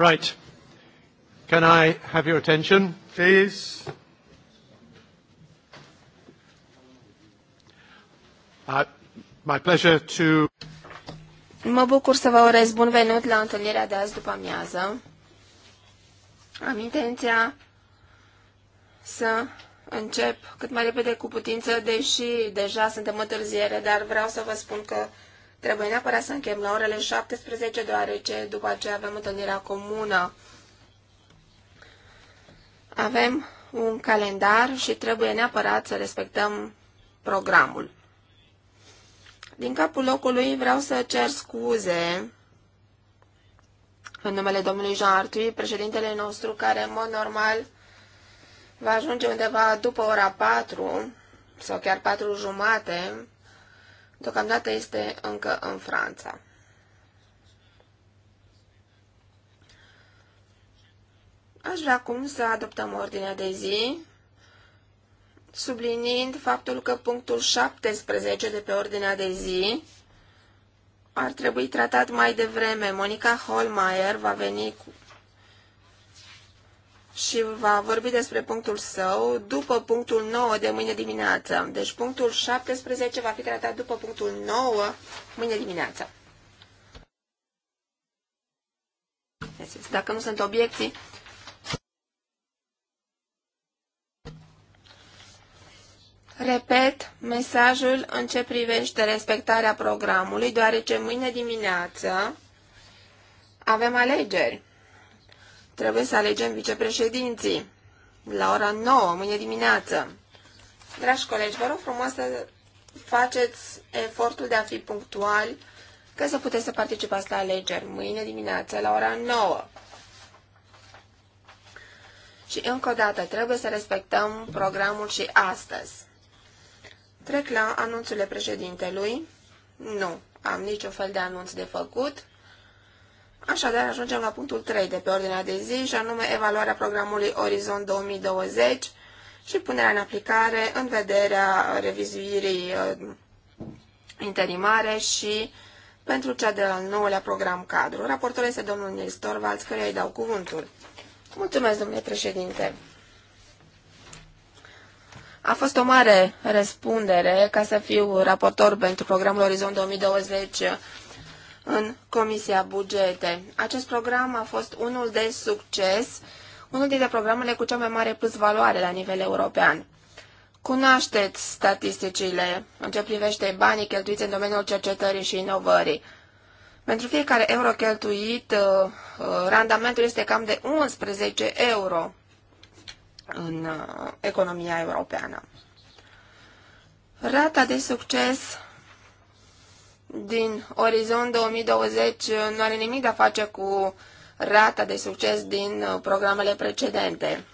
Right. Can I have your attention, please? Uh, my pleasure to... Mă bucur să vă urez bun venit la întâlnirea de azi după amiază. Am intenția să încep cât mai repede cu putință, deși deja suntem întârziere, dar vreau să vă spun că Trebuie neapărat să închem la orele 17, deoarece după aceea avem întâlnirea comună. Avem un calendar și trebuie neapărat să respectăm programul. Din capul locului vreau să cer scuze în numele domnului Jean Artui, președintele nostru, care în mod normal va ajunge undeva după ora 4 sau chiar 4 jumate, Deocamdată este încă în Franța. Aș vrea acum să adoptăm ordinea de zi, subliniind faptul că punctul 17 de pe ordinea de zi ar trebui tratat mai devreme. Monica Holmeier va veni cu, și va vorbi despre punctul său după punctul 9 de mâine dimineață. Deci punctul 17 va fi tratat după punctul 9 mâine dimineață. Deci, dacă nu sunt obiecții, Repet mesajul în ce privește respectarea programului, deoarece mâine dimineață avem alegeri. Trebuie să alegem vicepreședinții la ora 9, mâine dimineață. Dragi colegi, vă rog frumos să faceți efortul de a fi punctuali ca să puteți să participați la alegeri mâine dimineață la ora 9. Și încă o dată, trebuie să respectăm programul și astăzi. Trec la anunțurile președintelui. Nu, am niciun fel de anunț de făcut. Așadar, ajungem la punctul 3 de pe ordinea de zi, și anume evaluarea programului Orizont 2020 și punerea în aplicare în vederea revizuirii uh, interimare și pentru cea de-al nouălea program cadru. Raportul este domnul Nils Torvalds, căruia îi dau cuvântul. Mulțumesc, domnule președinte. A fost o mare răspundere ca să fiu raportor pentru programul Orizont 2020 în Comisia Bugete. Acest program a fost unul de succes, unul dintre programele cu cea mai mare plus valoare la nivel european. Cunoașteți statisticile în ce privește banii cheltuiți în domeniul cercetării și inovării. Pentru fiecare euro cheltuit, uh, uh, randamentul este cam de 11 euro în uh, economia europeană. Rata de succes din Orizont 2020 uh, nu are nimic de a face cu rata de succes din uh, programele precedente.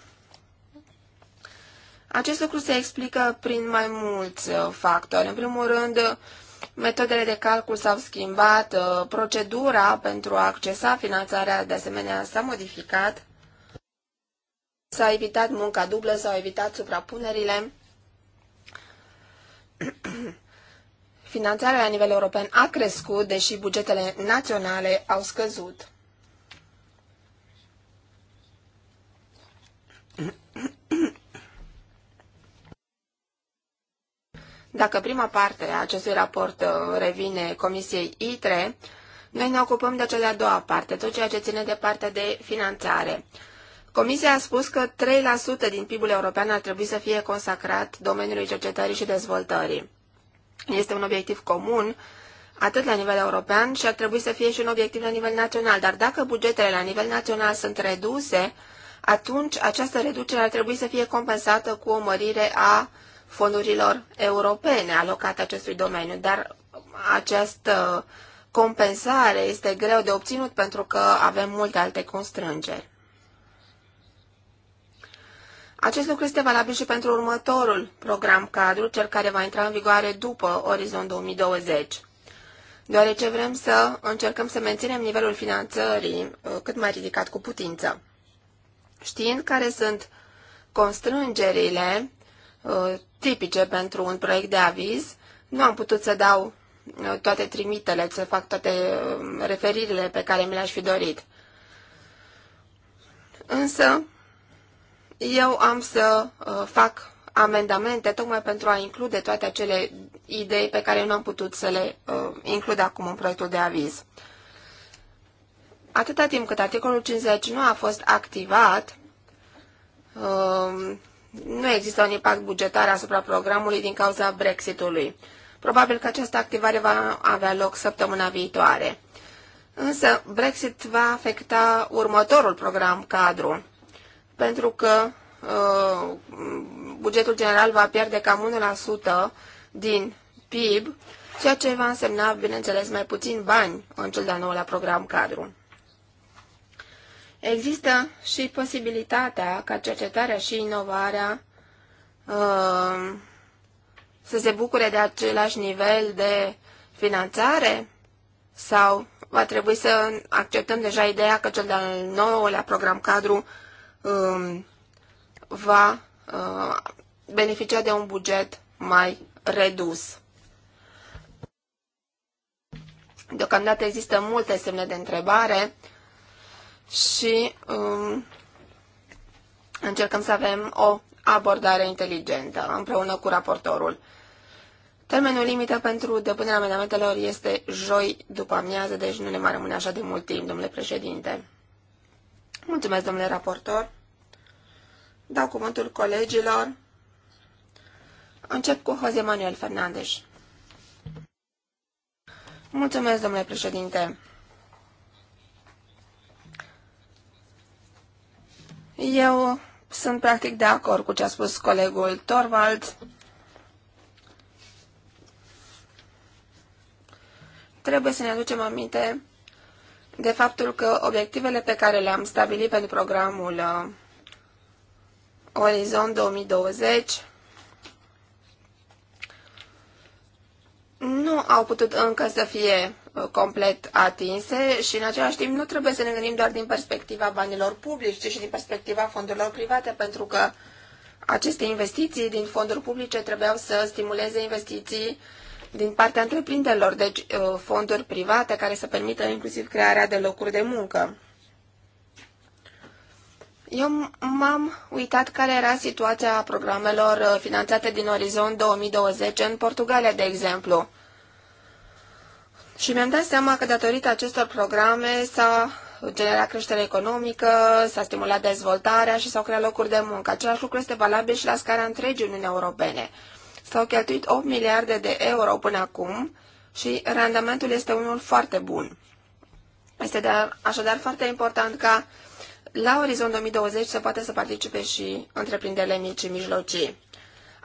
Acest lucru se explică prin mai mulți uh, factori. În primul rând, metodele de calcul s-au schimbat, procedura pentru a accesa finanțarea de asemenea s-a modificat, s-a evitat munca dublă, s-au evitat suprapunerile. Finanțarea la nivel european a crescut, deși bugetele naționale au scăzut. Dacă prima parte a acestui raport uh, revine Comisiei ITRE, noi ne ocupăm de cea de-a doua parte, tot ceea ce ține de partea de finanțare. Comisia a spus că 3% din PIB-ul european ar trebui să fie consacrat domeniului cercetării și dezvoltării. Este un obiectiv comun, atât la nivel european și ar trebui să fie și un obiectiv la nivel național. Dar dacă bugetele la nivel național sunt reduse, atunci această reducere ar trebui să fie compensată cu o mărire a fondurilor europene alocate acestui domeniu. Dar această compensare este greu de obținut pentru că avem multe alte constrângeri. Acest lucru este valabil și pentru următorul program cadru, cel care va intra în vigoare după Orizont 2020, deoarece vrem să încercăm să menținem nivelul finanțării uh, cât mai ridicat cu putință. Știind care sunt constrângerile uh, tipice pentru un proiect de aviz, nu am putut să dau uh, toate trimitele, să fac toate referirile pe care mi le-aș fi dorit. Însă, eu am să uh, fac amendamente tocmai pentru a include toate acele idei pe care nu am putut să le uh, includ acum în proiectul de aviz. Atâta timp cât articolul 50 nu a fost activat, uh, nu există un impact bugetar asupra programului din cauza Brexitului. Probabil că această activare va avea loc săptămâna viitoare. Însă Brexit va afecta următorul program cadru pentru că uh, bugetul general va pierde cam 1% din PIB, ceea ce va însemna, bineînțeles, mai puțin bani în cel de-al nouălea program cadru. Există și posibilitatea ca cercetarea și inovarea uh, să se bucure de același nivel de finanțare? Sau va trebui să acceptăm deja ideea că cel de-al nouălea program cadru Um, va uh, beneficia de un buget mai redus. Deocamdată există multe semne de întrebare și um, încercăm să avem o abordare inteligentă împreună cu raportorul. Termenul limită pentru depunerea amendamentelor este joi după amiază, deci nu ne mai rămâne așa de mult timp, domnule președinte. Mulțumesc, domnule raportor. Dau cuvântul colegilor. Încep cu Jose Manuel Fernandez. Mulțumesc, domnule președinte. Eu sunt practic de acord cu ce a spus colegul Torvald. Trebuie să ne aducem aminte de faptul că obiectivele pe care le-am stabilit pentru programul uh, Orizont 2020 nu au putut încă să fie uh, complet atinse și în același timp nu trebuie să ne gândim doar din perspectiva banilor publici, ci și din perspectiva fondurilor private, pentru că aceste investiții din fonduri publice trebuiau să stimuleze investiții din partea întreprinderilor, deci uh, fonduri private care să permită inclusiv crearea de locuri de muncă. Eu m-am uitat care era situația programelor uh, finanțate din Orizont 2020 în Portugalia, de exemplu. Și mi-am dat seama că datorită acestor programe s-a generat creștere economică, s-a stimulat dezvoltarea și s-au creat locuri de muncă. Același lucru este valabil și la scara întregii Uniunii Europene. S-au cheltuit 8 miliarde de euro până acum și randamentul este unul foarte bun. Este de așadar foarte important ca la orizont 2020 să poată să participe și întreprinderile mici și mijlocii.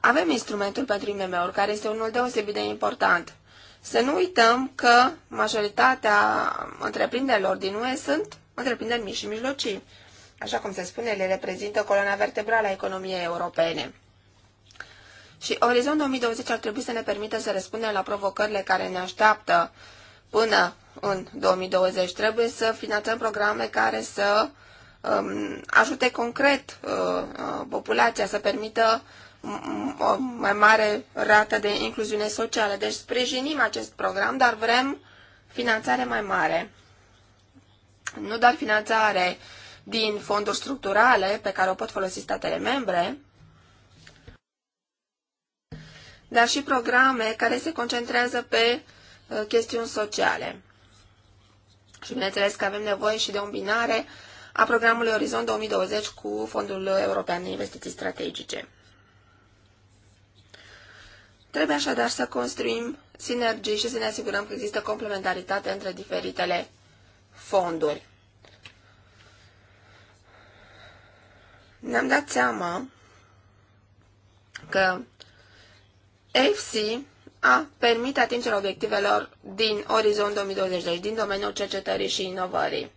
Avem instrumentul pentru IMM-uri, care este unul deosebit de important. Să nu uităm că majoritatea întreprinderilor din UE sunt întreprinderi mici și mijlocii. Așa cum se spune, le reprezintă coloana vertebrală a economiei europene. Și Orizont 2020 ar trebui să ne permită să răspundem la provocările care ne așteaptă până în 2020. Trebuie să finanțăm programe care să um, ajute concret uh, uh populația, să permită um, o mai mare rată de incluziune socială. Deci sprijinim acest program, dar vrem finanțare mai mare. Nu doar finanțare din fonduri structurale pe care o pot folosi statele membre, dar și programe care se concentrează pe uh, chestiuni sociale. Și bineînțeles că avem nevoie și de o binare a programului Orizont 2020 cu Fondul European de Investiții Strategice. Trebuie așadar să construim sinergii și să ne asigurăm că există complementaritate între diferitele fonduri. Ne-am dat seama că FC a permit atingerea obiectivelor din Orizont 2020, din domeniul cercetării și inovării.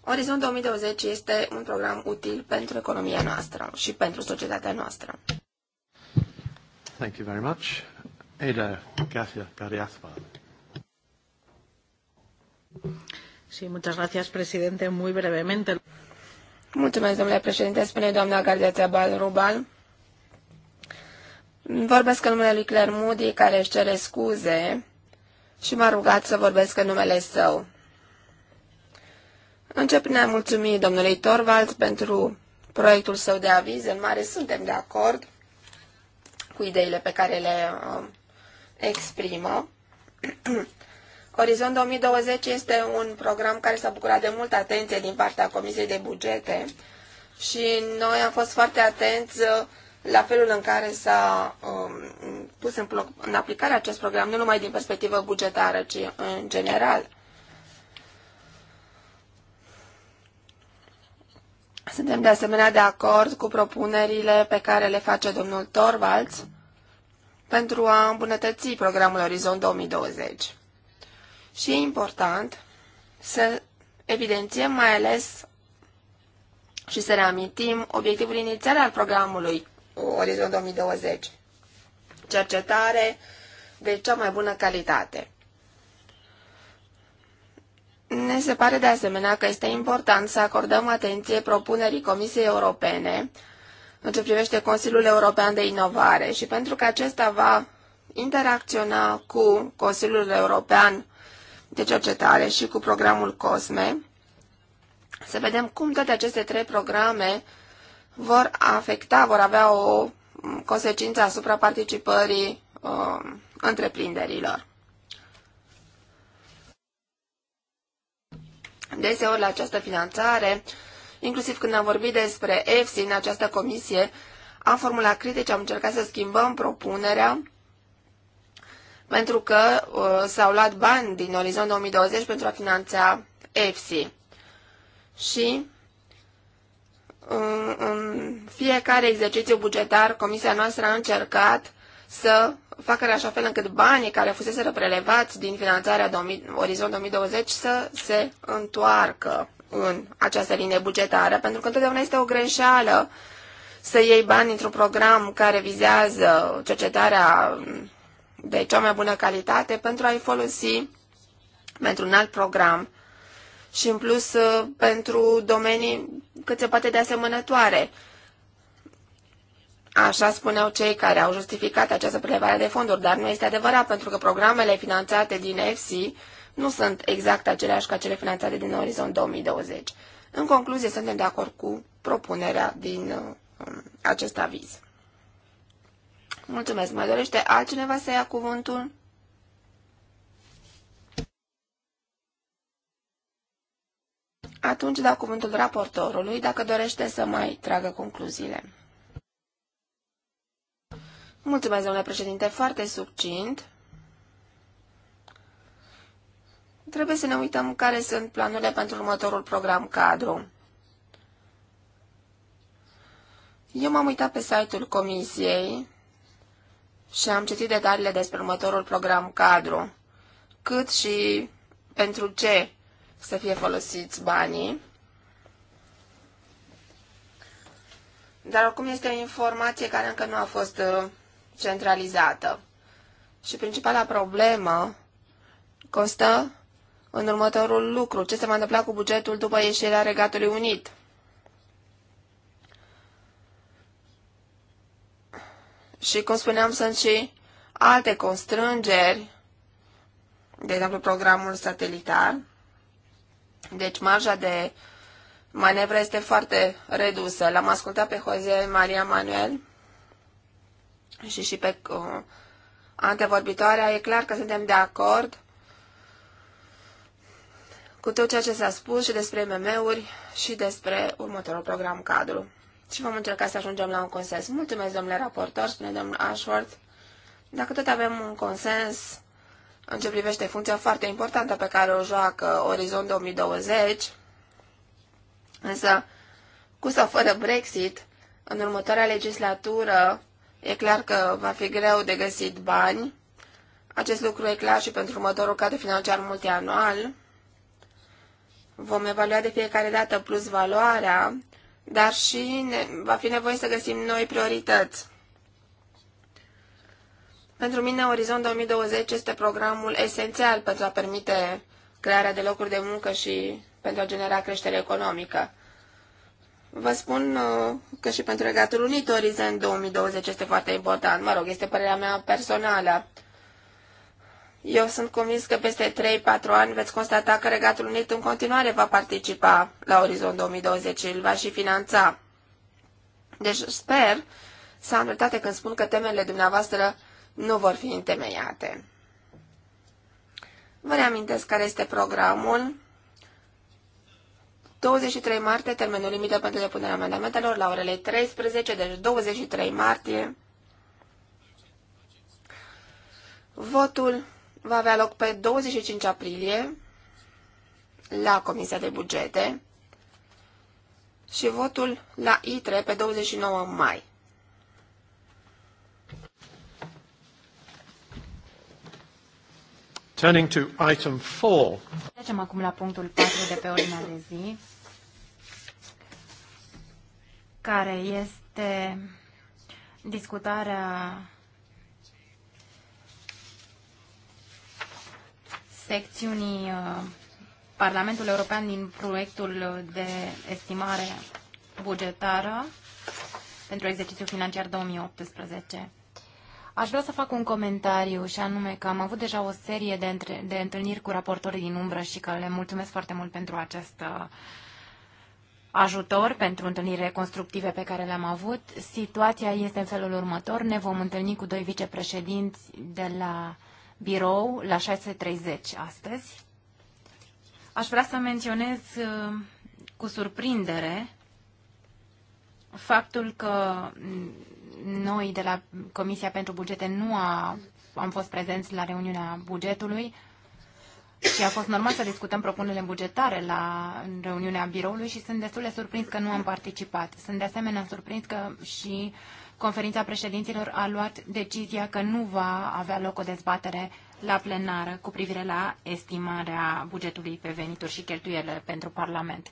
Orizont 2020 este un program util pentru economia noastră și pentru societatea noastră. Thank you very much. Ada Garcia Gariaspa. Sí, muchas gracias, presidente. Muy brevemente. Mulțumesc, domnule președinte. Spune doamna Gardiața Rubal. Vorbesc în numele lui Claire Moody, care își cere scuze și m-a rugat să vorbesc în numele său. Încep ne a mulțumit domnului Torvalds pentru proiectul său de aviz. În mare suntem de acord cu ideile pe care le uh, exprimă. Orizont 2020 este un program care s-a bucurat de multă atenție din partea Comisiei de Bugete și noi am fost foarte atenți uh, la felul în care s-a um, pus în, în aplicare acest program, nu numai din perspectivă bugetară, ci în general. Suntem de asemenea de acord cu propunerile pe care le face domnul Torvalds pentru a îmbunătăți programul Orizont 2020. Și e important să evidențiem mai ales și să reamintim obiectivul inițial al programului Orizont 2020. Cercetare de cea mai bună calitate. Ne se pare de asemenea că este important să acordăm atenție propunerii Comisiei Europene în ce privește Consiliul European de Inovare și pentru că acesta va interacționa cu Consiliul European de Cercetare și cu programul COSME, să vedem cum toate aceste trei programe vor afecta, vor avea o consecință asupra participării uh, întreprinderilor. Deseori la această finanțare, inclusiv când am vorbit despre EFSI în această comisie, am formulat critici, am încercat să schimbăm propunerea pentru că uh, s-au luat bani din orizont 2020 pentru a finanța EFSI. Și în fiecare exercițiu bugetar, comisia noastră a încercat să facă în așa fel încât banii care fusese prelevați din finanțarea 2000, Orizont 2020 să se întoarcă în această linie bugetară, pentru că întotdeauna este o greșeală să iei bani într-un program care vizează cercetarea de cea mai bună calitate pentru a-i folosi pentru un alt program și în plus uh, pentru domenii cât se poate de asemănătoare. Așa spuneau cei care au justificat această prelevare de fonduri, dar nu este adevărat pentru că programele finanțate din EFSI nu sunt exact aceleași ca cele finanțate din Orizont 2020. În concluzie, suntem de acord cu propunerea din uh, um, acest aviz. Mulțumesc. Mai dorește altcineva să ia cuvântul? Atunci dau cuvântul raportorului dacă dorește să mai tragă concluziile. Mulțumesc, domnule președinte, foarte succint. Trebuie să ne uităm care sunt planurile pentru următorul program cadru. Eu m-am uitat pe site-ul comisiei și am citit detaliile despre următorul program cadru, cât și pentru ce să fie folosiți banii. Dar oricum este o informație care încă nu a fost uh, centralizată. Și principala problemă constă în următorul lucru. Ce se va întâmpla cu bugetul după ieșirea Regatului Unit? Și, cum spuneam, sunt și alte constrângeri, de exemplu programul satelitar, deci marja de manevră este foarte redusă. L-am ascultat pe Jose Maria Manuel și și pe uh, antevorbitoarea. E clar că suntem de acord cu tot ceea ce s-a spus și despre MM-uri și despre următorul program cadru. Și vom încerca să ajungem la un consens. Mulțumesc, domnule raportor, spune domnul Ashworth. Dacă tot avem un consens, în ce privește funcția foarte importantă pe care o joacă Orizont 2020, însă, cu sau fără Brexit, în următoarea legislatură e clar că va fi greu de găsit bani. Acest lucru e clar și pentru următorul cadru financiar multianual. Vom evalua de fiecare dată plus valoarea, dar și ne, va fi nevoie să găsim noi priorități. Pentru mine, Orizont 2020 este programul esențial pentru a permite crearea de locuri de muncă și pentru a genera creștere economică. Vă spun uh, că și pentru Regatul Unit, Orizont 2020 este foarte important. Mă rog, este părerea mea personală. Eu sunt convins că peste 3-4 ani veți constata că Regatul Unit în continuare va participa la Orizont 2020 și îl va și finanța. Deci sper să am dreptate când spun că temele dumneavoastră nu vor fi întemeiate. Vă reamintesc care este programul. 23 martie, termenul limită pentru depunerea amendamentelor, la orele 13, deci 23 martie. Votul va avea loc pe 25 aprilie la Comisia de Bugete și votul la ITRE pe 29 mai. Turning to item 4. Trecem acum la punctul 4 de pe ordinea de zi, care este discutarea secțiunii uh, Parlamentul European din proiectul de estimare bugetară pentru exercițiul financiar 2018. Aș vrea să fac un comentariu și anume că am avut deja o serie de, între, de întâlniri cu raportorii din umbră și că le mulțumesc foarte mult pentru acest uh, ajutor, pentru întâlnire constructive pe care le-am avut. Situația este în felul următor. Ne vom întâlni cu doi vicepreședinți de la birou la 6.30 astăzi. Aș vrea să menționez uh, cu surprindere faptul că mm, noi de la Comisia pentru Bugete nu a, am fost prezenți la reuniunea bugetului și a fost normal să discutăm propunerile bugetare la reuniunea biroului și sunt destul de surprins că nu am participat. Sunt de asemenea surprins că și conferința președinților a luat decizia că nu va avea loc o dezbatere la plenară cu privire la estimarea bugetului pe venituri și cheltuielile pentru Parlament.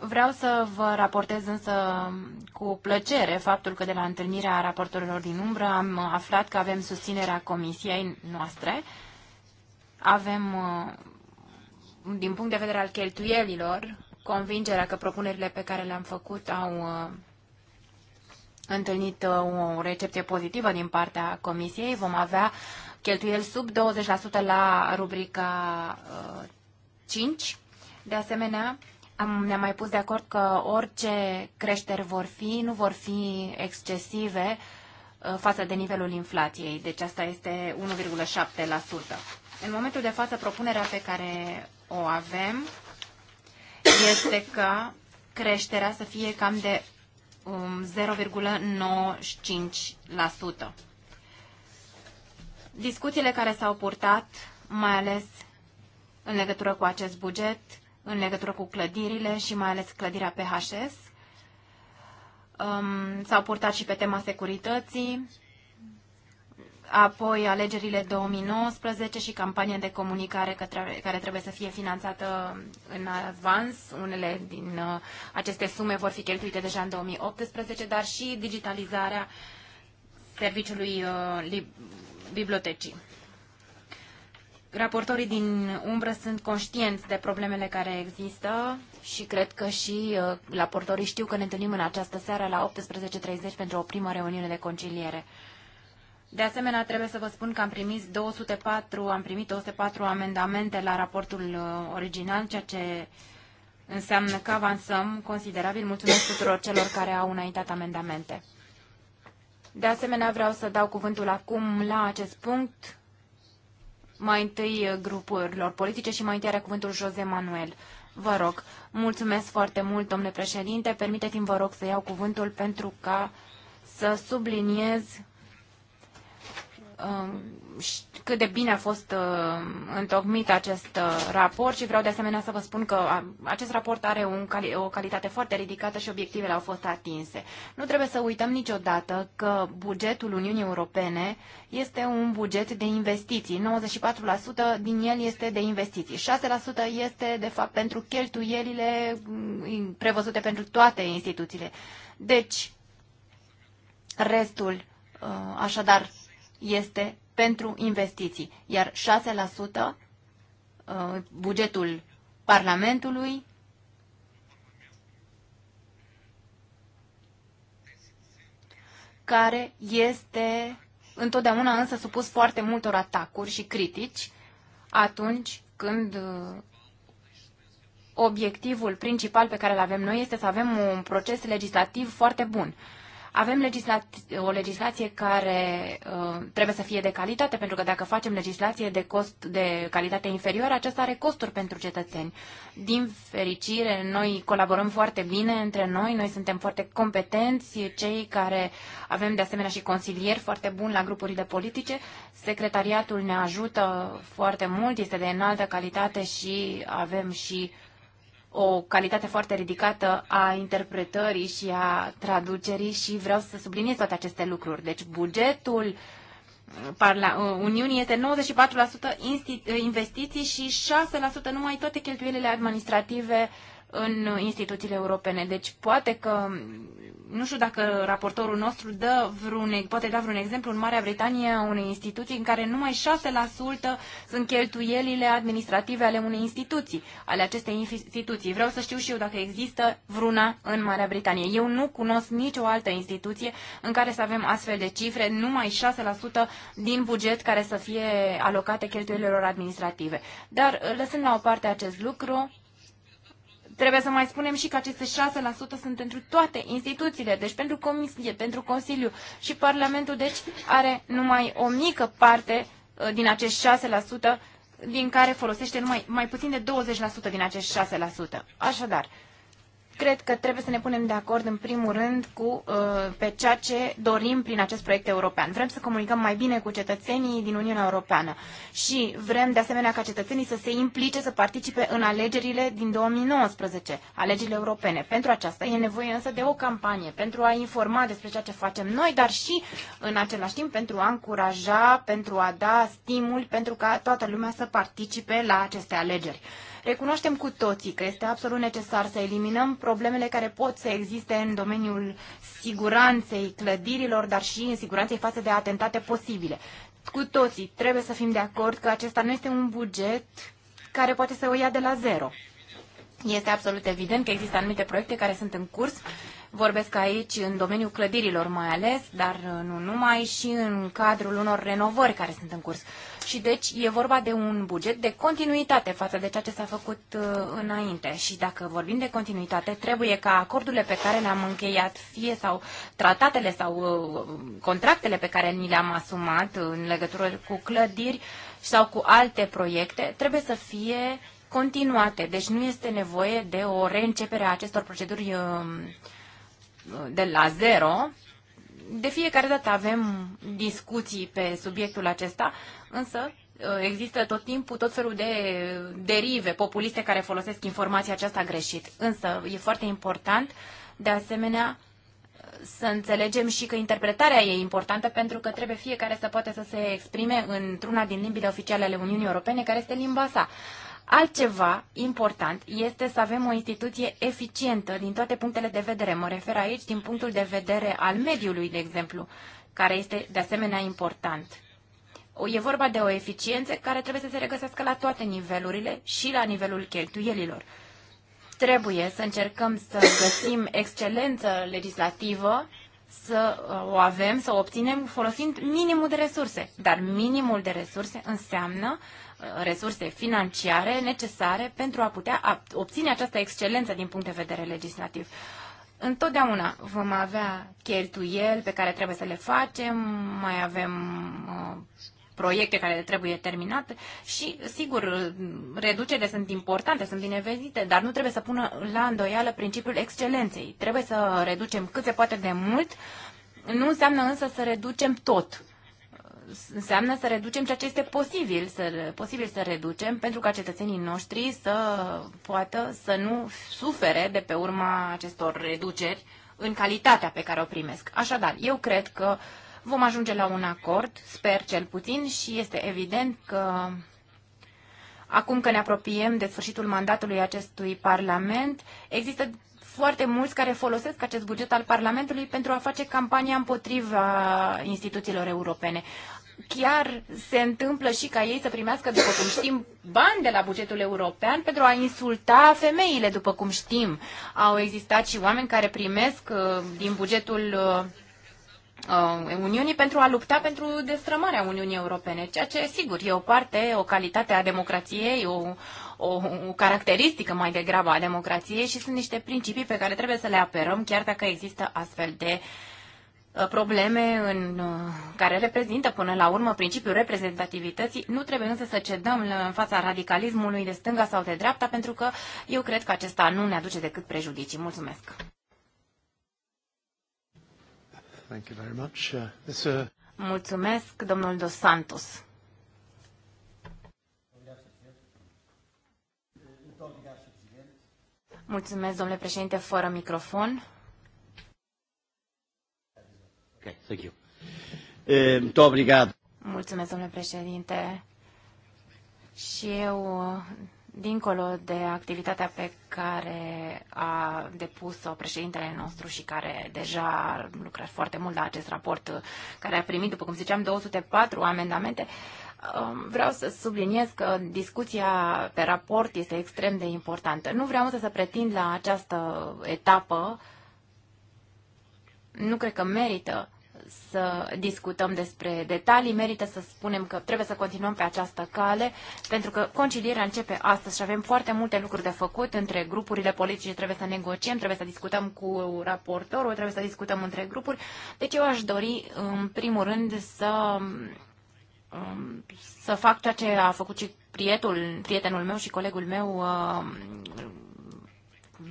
Vreau să vă raportez însă cu plăcere faptul că de la întâlnirea raportorilor din umbră am aflat că avem susținerea comisiei noastre. Avem, uh, din punct de vedere al cheltuielilor, convingerea că propunerile pe care le-am făcut au uh, întâlnit uh, o recepție pozitivă din partea comisiei. Vom avea cheltuieli sub 20% la rubrica 5. De asemenea, am, ne-am mai pus de acord că orice creșteri vor fi, nu vor fi excesive uh, față de nivelul inflației, deci asta este 1,7%. În momentul de față, propunerea pe care o avem este ca creșterea să fie cam de 0,95%. Um, Discuțiile care s-au purtat, mai ales în legătură cu acest buget, în legătură cu clădirile și mai ales clădirea PHS. Um, s-au purtat și pe tema securității, apoi alegerile 2019 și campania de comunicare către, care trebuie să fie finanțată în avans. Unele din uh, aceste sume vor fi cheltuite deja în 2018, dar și digitalizarea serviciului uh, bibliotecii. Raportorii din umbră sunt conștienți de problemele care există și cred că și uh, raportorii știu că ne întâlnim în această seară la 18.30 pentru o primă reuniune de conciliere. De asemenea, trebuie să vă spun că am primit 204, am primit 204 amendamente la raportul uh, original, ceea ce înseamnă că avansăm considerabil. Mulțumesc tuturor celor care au înaintat amendamente. De asemenea, vreau să dau cuvântul acum la acest punct mai întâi grupurilor politice și mai întâi are cuvântul Jose Manuel. Vă rog, mulțumesc foarte mult, domnule președinte. Permiteți-mi, vă rog, să iau cuvântul pentru ca să subliniez Um, cât de bine a fost um, întocmit acest uh, raport și vreau de asemenea să vă spun că acest raport are un, o calitate foarte ridicată și obiectivele au fost atinse. Nu trebuie să uităm niciodată că bugetul Uniunii Europene este un buget de investiții. 94% din el este de investiții. 6% este de fapt pentru cheltuielile mm, prevăzute pentru toate instituțiile. Deci, restul uh, Așadar, este pentru investiții, iar 6% uh, bugetul Parlamentului care este întotdeauna însă supus foarte multor atacuri și critici atunci când uh, obiectivul principal pe care îl avem noi este să avem un proces legislativ foarte bun. Avem legislație, o legislație care uh, trebuie să fie de calitate, pentru că dacă facem legislație de cost de calitate inferioară, aceasta are costuri pentru cetățeni. Din fericire, noi colaborăm foarte bine între noi, noi suntem foarte competenți, cei care avem de asemenea și consilieri foarte buni la grupurile politice. Secretariatul ne ajută foarte mult, este de înaltă calitate și avem și uh, o calitate foarte ridicată a interpretării și a traducerii și vreau să subliniez toate aceste lucruri. Deci bugetul Uniunii este 94% investiții și 6% numai toate cheltuielile administrative uh, în instituțiile europene. Deci poate că, nu știu dacă raportorul nostru dă vreun, poate da vreun exemplu în Marea Britanie a unei instituții în care numai 6% sunt cheltuielile administrative ale unei instituții, ale acestei instituții. Vreau să știu și eu dacă există vreuna în Marea Britanie. Eu nu cunosc nicio altă instituție în care să avem astfel de cifre, numai 6% din buget care să fie alocate cheltuielilor administrative. Dar lăsând la o parte acest lucru, Trebuie să mai spunem și că aceste 6% sunt pentru toate instituțiile, deci pentru Comisie, pentru Consiliu și Parlamentul, deci are numai o mică parte uh, din acești 6% din care folosește numai mai puțin de 20% din acești 6%. Așadar, Cred că trebuie să ne punem de acord, în primul rând, cu, uh, pe ceea ce dorim prin acest proiect european. Vrem să comunicăm mai bine cu cetățenii din Uniunea Europeană și vrem, de asemenea, ca cetățenii să se implice, să participe în alegerile din 2019, alegerile europene. Pentru aceasta e nevoie însă de o campanie pentru a informa despre ceea ce facem noi, dar și, în același timp, pentru a încuraja, pentru a da stimul, pentru ca toată lumea să participe la aceste alegeri. Recunoaștem cu toții că este absolut necesar să eliminăm problemele care pot să existe în domeniul siguranței clădirilor, dar și în siguranței față de atentate posibile. Cu toții trebuie să fim de acord că acesta nu este un buget care poate să o ia de la zero. Este absolut evident că există anumite proiecte care sunt în curs Vorbesc aici în domeniul clădirilor mai ales, dar nu numai, și în cadrul unor renovări care sunt în curs și deci e vorba de un buget de continuitate față de ceea ce s-a făcut uh, înainte. Și dacă vorbim de continuitate, trebuie ca acordurile pe care le-am încheiat, fie sau tratatele sau uh, contractele pe care ni le-am asumat uh, în legătură cu clădiri sau cu alte proiecte, trebuie să fie continuate. Deci nu este nevoie de o reîncepere a acestor proceduri de la zero, de fiecare dată avem discuții pe subiectul acesta Însă, ă, există tot timpul tot felul de derive populiste care folosesc informația aceasta greșit. Însă, e foarte important, de asemenea, să înțelegem și că interpretarea e importantă pentru că trebuie fiecare să poate să se exprime într-una din limbile oficiale ale Uniunii Europene, care este limba sa. Altceva important este să avem o instituție eficientă din toate punctele de vedere. Mă refer aici din punctul de vedere al mediului, de exemplu, care este de asemenea important. E vorba de o eficiență care trebuie să se regăsească la toate nivelurile și la nivelul cheltuielilor. Trebuie să încercăm să găsim excelență legislativă, să uh, o avem, să o obținem folosind minimul de resurse. Dar minimul de resurse înseamnă uh, resurse financiare necesare pentru a putea obține această excelență din punct de vedere legislativ. Întotdeauna vom avea cheltuieli pe care trebuie să le facem, mai avem uh, proiecte care trebuie terminate și, sigur, reducere sunt importante, sunt binevenite, dar nu trebuie să pună la îndoială principiul excelenței. Trebuie să reducem cât se poate de mult, nu înseamnă însă să reducem tot înseamnă să reducem ceea ce este posibil să, posibil să reducem pentru ca cetățenii noștri să poată să nu sufere de pe urma acestor reduceri în calitatea pe care o primesc. Așadar, eu cred că uh, Vom ajunge la un acord, sper cel puțin, și este evident că acum că ne apropiem de sfârșitul mandatului acestui Parlament, există foarte mulți care folosesc acest buget al Parlamentului pentru a face campania împotriva instituțiilor europene. Chiar se întâmplă și ca ei să primească, după cum știm, bani de la bugetul european pentru a insulta femeile, după cum știm. Au existat și oameni care primesc uh, din bugetul uh, Uh, Uniunii pentru a lupta pentru destrămarea Uniunii Europene, ceea ce, sigur, e o parte, o calitate a democrației, o, o, o caracteristică mai degrabă a democrației și sunt niște principii pe care trebuie să le apărăm, chiar dacă există astfel de uh, probleme în, uh, care reprezintă până la urmă principiul reprezentativității. Nu trebuie însă să cedăm în fața radicalismului de stânga sau de dreapta, pentru că eu cred că acesta nu ne aduce decât prejudicii. Mulțumesc! Thank you very much. Uh, uh, Mulțumesc, domnul Dos Santos. Mulțumesc, domnule președinte, fără microfon. thank you. Eh, Mulțumesc, domnule președinte. Și eu dincolo de activitatea pe care a depus-o președintele nostru și care deja a foarte mult la acest raport, uh, care a primit, după cum ziceam, 204 amendamente, um, vreau să subliniez că discuția pe raport este extrem de importantă. Nu vreau să pretind la această etapă, nu cred că merită să discutăm despre detalii. Merită să spunem că trebuie să continuăm pe această cale, pentru că concilierea începe astăzi și avem foarte multe lucruri de făcut între grupurile politice. Trebuie să negociem, trebuie să discutăm cu raportorul, trebuie să discutăm între grupuri. Deci eu aș dori, în primul rând, să um, să fac ceea ce a făcut și prietul, prietenul meu și colegul meu um,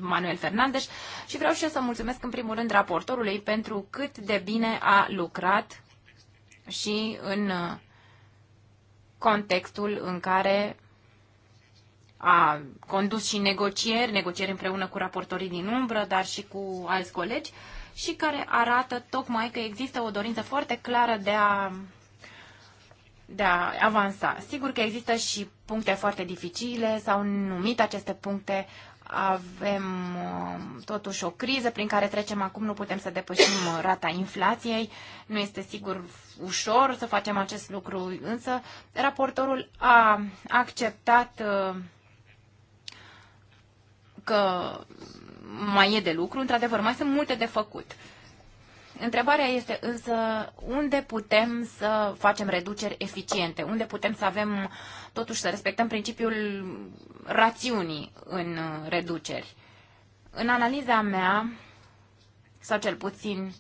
Manuel Fernandez și vreau și eu să mulțumesc în primul rând raportorului pentru cât de bine a lucrat și în uh, contextul în care a condus și negocieri, negocieri împreună cu raportorii din umbră, dar și cu alți colegi, și care arată tocmai că există o dorință foarte clară de a, de a avansa. Sigur că există și puncte foarte dificile, s-au numit aceste puncte avem uh, totuși o criză prin care trecem acum, nu putem să depășim uh, rata inflației, nu este sigur ușor să facem acest lucru, însă raportorul a acceptat uh, că mai e de lucru, într-adevăr, mai sunt multe de făcut. Întrebarea este însă unde putem să facem reduceri eficiente, unde putem să avem, totuși, să respectăm principiul rațiunii în uh, reduceri. În analiza mea, sau cel puțin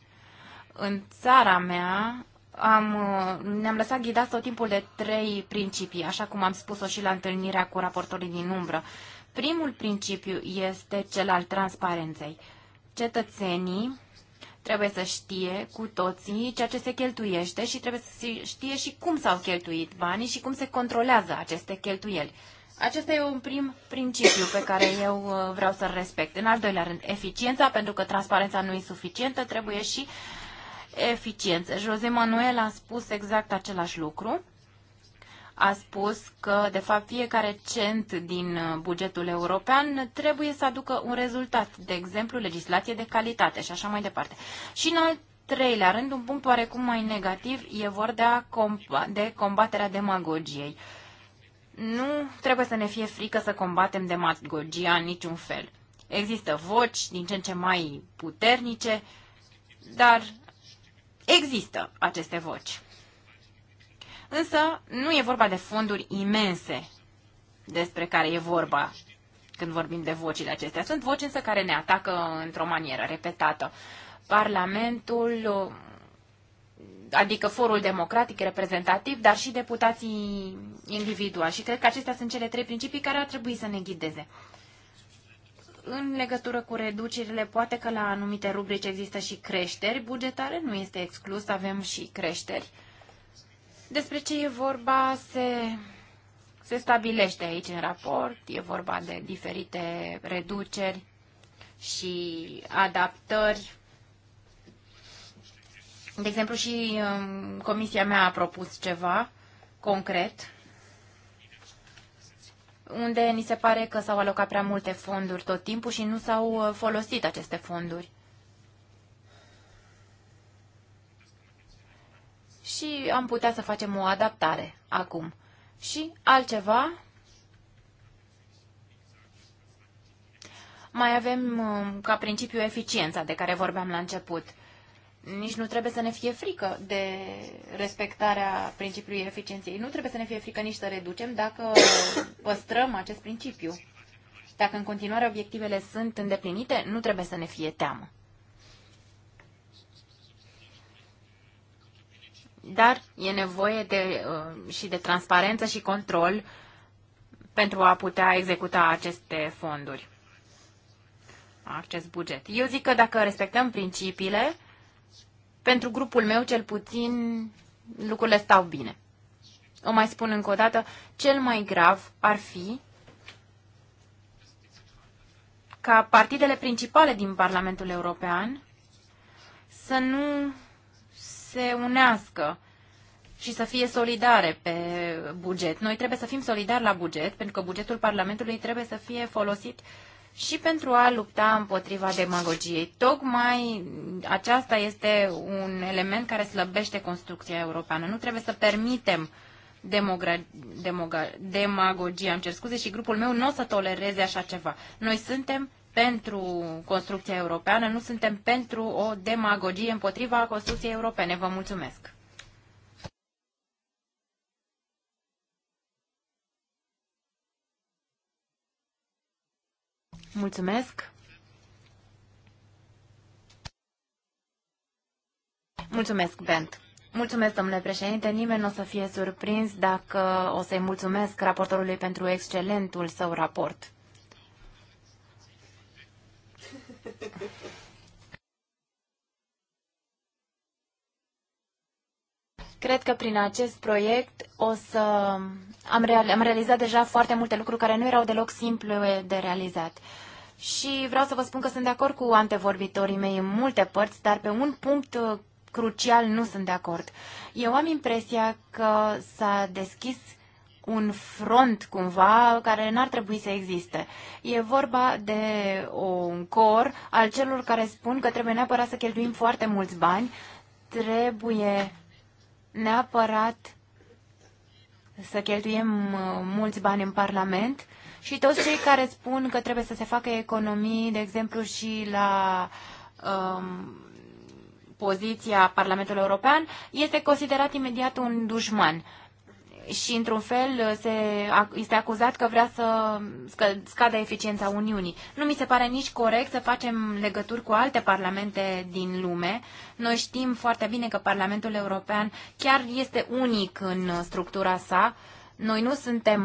în țara mea, am, uh, ne-am lăsat ghidat tot timpul de trei principii, așa cum am spus-o și la întâlnirea cu raportorii din umbră. Primul principiu este cel al transparenței. Cetățenii Trebuie să știe cu toții ceea ce se cheltuiește și trebuie să știe și cum s-au cheltuit banii și cum se controlează aceste cheltuieli. Acesta e un prim principiu pe care eu uh, vreau să-l respect. În al doilea rând, eficiența, pentru că transparența nu e suficientă, trebuie și eficiență. Jose Manuel a spus exact același lucru a spus că, de fapt, fiecare cent din uh, bugetul european trebuie să aducă un rezultat, de exemplu, legislație de calitate și așa mai departe. Și în al treilea rând, un punct oarecum mai negativ, e vorba de combaterea demagogiei. Nu trebuie să ne fie frică să combatem demagogia în niciun fel. Există voci din ce în ce mai puternice, dar există aceste voci. Însă nu e vorba de fonduri imense despre care e vorba când vorbim de vocile acestea. Sunt voci însă care ne atacă într-o manieră repetată. Parlamentul, adică forul democratic reprezentativ, dar și deputații individuali. Și cred că acestea sunt cele trei principii care ar trebui să ne ghideze. În legătură cu reducerile, poate că la anumite rubrici există și creșteri bugetare, nu este exclus, avem și creșteri. Uh, despre ce e vorba se, se stabilește aici în raport, e vorba de diferite reduceri și adaptări. De exemplu, și um, comisia mea a propus ceva concret, unde ni se pare că s-au alocat prea multe fonduri tot timpul și nu s-au uh, folosit aceste fonduri. și am putea să facem o adaptare acum. Și altceva, mai avem uh, ca principiu eficiența de care vorbeam la început. Nici nu trebuie să ne fie frică de respectarea principiului eficienței. Nu trebuie să ne fie frică nici să reducem dacă păstrăm acest principiu. Dacă în continuare obiectivele sunt îndeplinite, nu trebuie să ne fie teamă. dar e nevoie de, uh, și de transparență și control pentru a putea executa aceste fonduri, acest buget. Eu zic că dacă respectăm principiile, pentru grupul meu cel puțin lucrurile stau bine. O mai spun încă o dată, cel mai grav ar fi ca partidele principale din Parlamentul European să nu se unească și să fie solidare pe buget. Noi trebuie să fim solidari la buget, pentru că bugetul Parlamentului trebuie să fie folosit și pentru a lupta împotriva demagogiei. Tocmai aceasta este un element care slăbește construcția europeană. Nu trebuie să permitem demogra- demoga- demagogia. Am cer scuze și grupul meu nu o să tolereze așa ceva. Noi suntem pentru construcția europeană, nu suntem pentru o demagogie împotriva construcției europene. Vă mulțumesc! Mulțumesc! Mulțumesc, Bent! Mulțumesc, domnule președinte. Nimeni nu o să fie surprins dacă o să-i mulțumesc raportorului pentru excelentul său raport. Cred că prin acest proiect o să am, real, am realizat deja foarte multe lucruri care nu erau deloc simple de realizat. Și vreau să vă spun că sunt de acord cu antevorbitorii mei în multe părți, dar pe un punct uh, crucial nu sunt de acord. Eu am impresia că s-a deschis un front cumva care n-ar trebui să existe. E vorba de un cor al celor care spun că trebuie neapărat să cheltuim foarte mulți bani, trebuie neapărat să cheltuim uh, mulți bani în Parlament și toți cei care spun că trebuie să se facă economii, de exemplu, și la um, poziția Parlamentului European, este considerat imediat un dușman și într-un fel uh, se, este acuzat că vrea să scadă eficiența Uniunii. Nu mi se pare nici corect să facem legături cu alte parlamente din lume. Noi știm foarte bine că Parlamentul European chiar este unic în structura sa. Noi nu suntem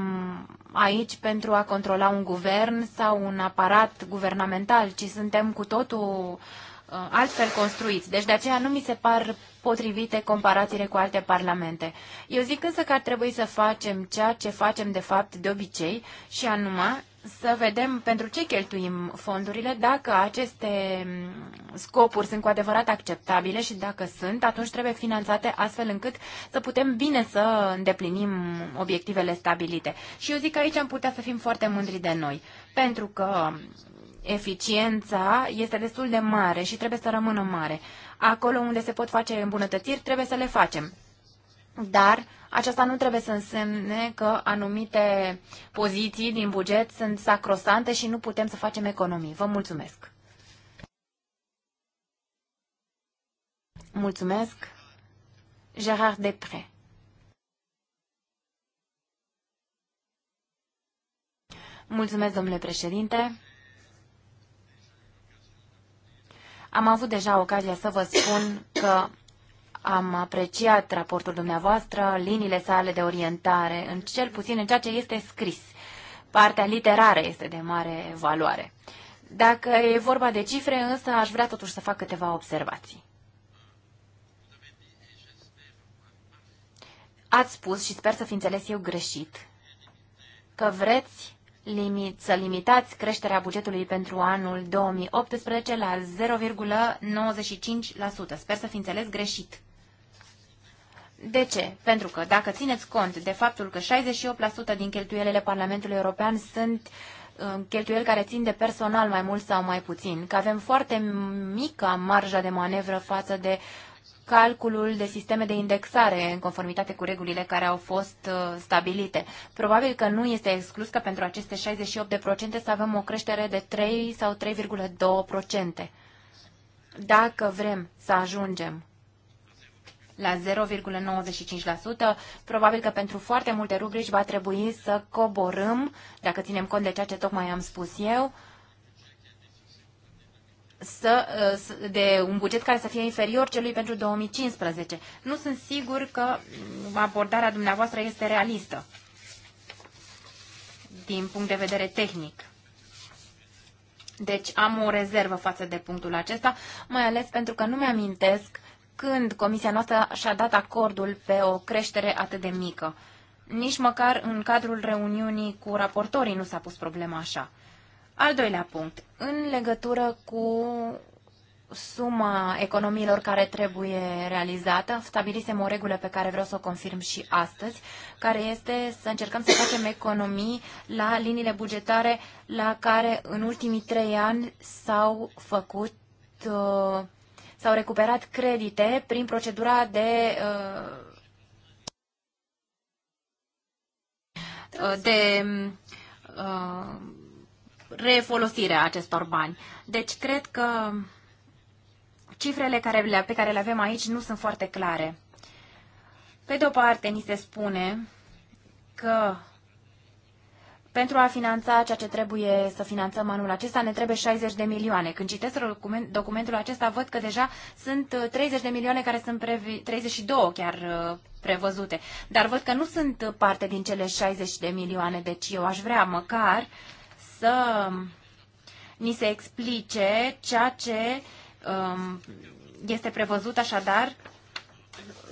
aici pentru a controla un guvern sau un aparat guvernamental, ci suntem cu totul uh, Uh, altfel construiți. Deci de aceea nu mi se par potrivite comparațiile cu alte parlamente. Eu zic însă că ar trebui să facem ceea ce facem de fapt de obicei și anume să vedem pentru ce cheltuim fondurile, dacă aceste mm, scopuri sunt cu adevărat acceptabile și dacă sunt, atunci trebuie finanțate astfel încât să putem bine să îndeplinim obiectivele stabilite. Și eu zic că aici am putea să fim foarte mândri de noi, pentru că eficiența este destul de mare și trebuie să rămână mare. Acolo unde se pot face îmbunătățiri, trebuie să le facem. Dar aceasta nu trebuie să însemne că anumite poziții din buget sunt sacrosante și nu putem să facem economii. Vă mulțumesc! Mulțumesc! Gerard Depre Mulțumesc, domnule președinte! Am avut deja ocazia să vă spun că am apreciat raportul dumneavoastră, liniile sale de orientare, în cel puțin în ceea ce este scris. Partea literară este de mare valoare. Dacă e vorba de cifre, însă aș vrea totuși să fac câteva observații. Ați spus, și sper să fi înțeles eu greșit, că vreți limit, să limitați creșterea bugetului pentru anul 2018 la 0,95%. Sper să fi înțeles greșit. De ce? Pentru că dacă țineți cont de faptul că 68% din cheltuielile Parlamentului European sunt uh, cheltuieli care țin de personal mai mult sau mai puțin, că avem foarte mică marja de manevră față de uh, calculul de sisteme de indexare în conformitate cu regulile care au fost uh, stabilite. Probabil că nu este exclus că pentru aceste 68% să avem o creștere de 3 sau 3,2%. Dacă vrem să ajungem la 0,95%. Probabil că pentru foarte multe rubrici va trebui să coborâm, dacă ținem cont de ceea ce tocmai am spus eu, Uh, să, de un buget care să fie inferior celui pentru 2015. Nu sunt sigur că abordarea dumneavoastră este realistă din punct de vedere tehnic. Deci am o rezervă față de punctul acesta, mai ales pentru că nu mi-amintesc când Comisia noastră și-a dat acordul pe o creștere atât de mică. Nici măcar în cadrul reuniunii cu raportorii nu s-a pus problema așa. Al doilea punct, în legătură cu suma economiilor care trebuie realizată, stabilisem o regulă pe care vreau să o confirm și astăzi, care este să încercăm să facem economii la liniile bugetare la care în ultimii trei ani s-au făcut uh, s-au recuperat credite prin procedura de uh, uh, de refolosirea acestor bani. Deci cred că cifrele care, pe care le avem aici nu sunt foarte clare. Pe de o parte, ni se spune că pentru a finanța ceea ce trebuie să finanțăm anul acesta, ne trebuie 60 de milioane. Când citesc document, documentul acesta, văd că deja sunt 30 uh, de milioane care sunt previ, 32 chiar uh, prevăzute. Dar văd că nu sunt parte din cele 60 de milioane, deci eu aș vrea măcar uh, să um, ni se explice ceea ce um, este prevăzut așadar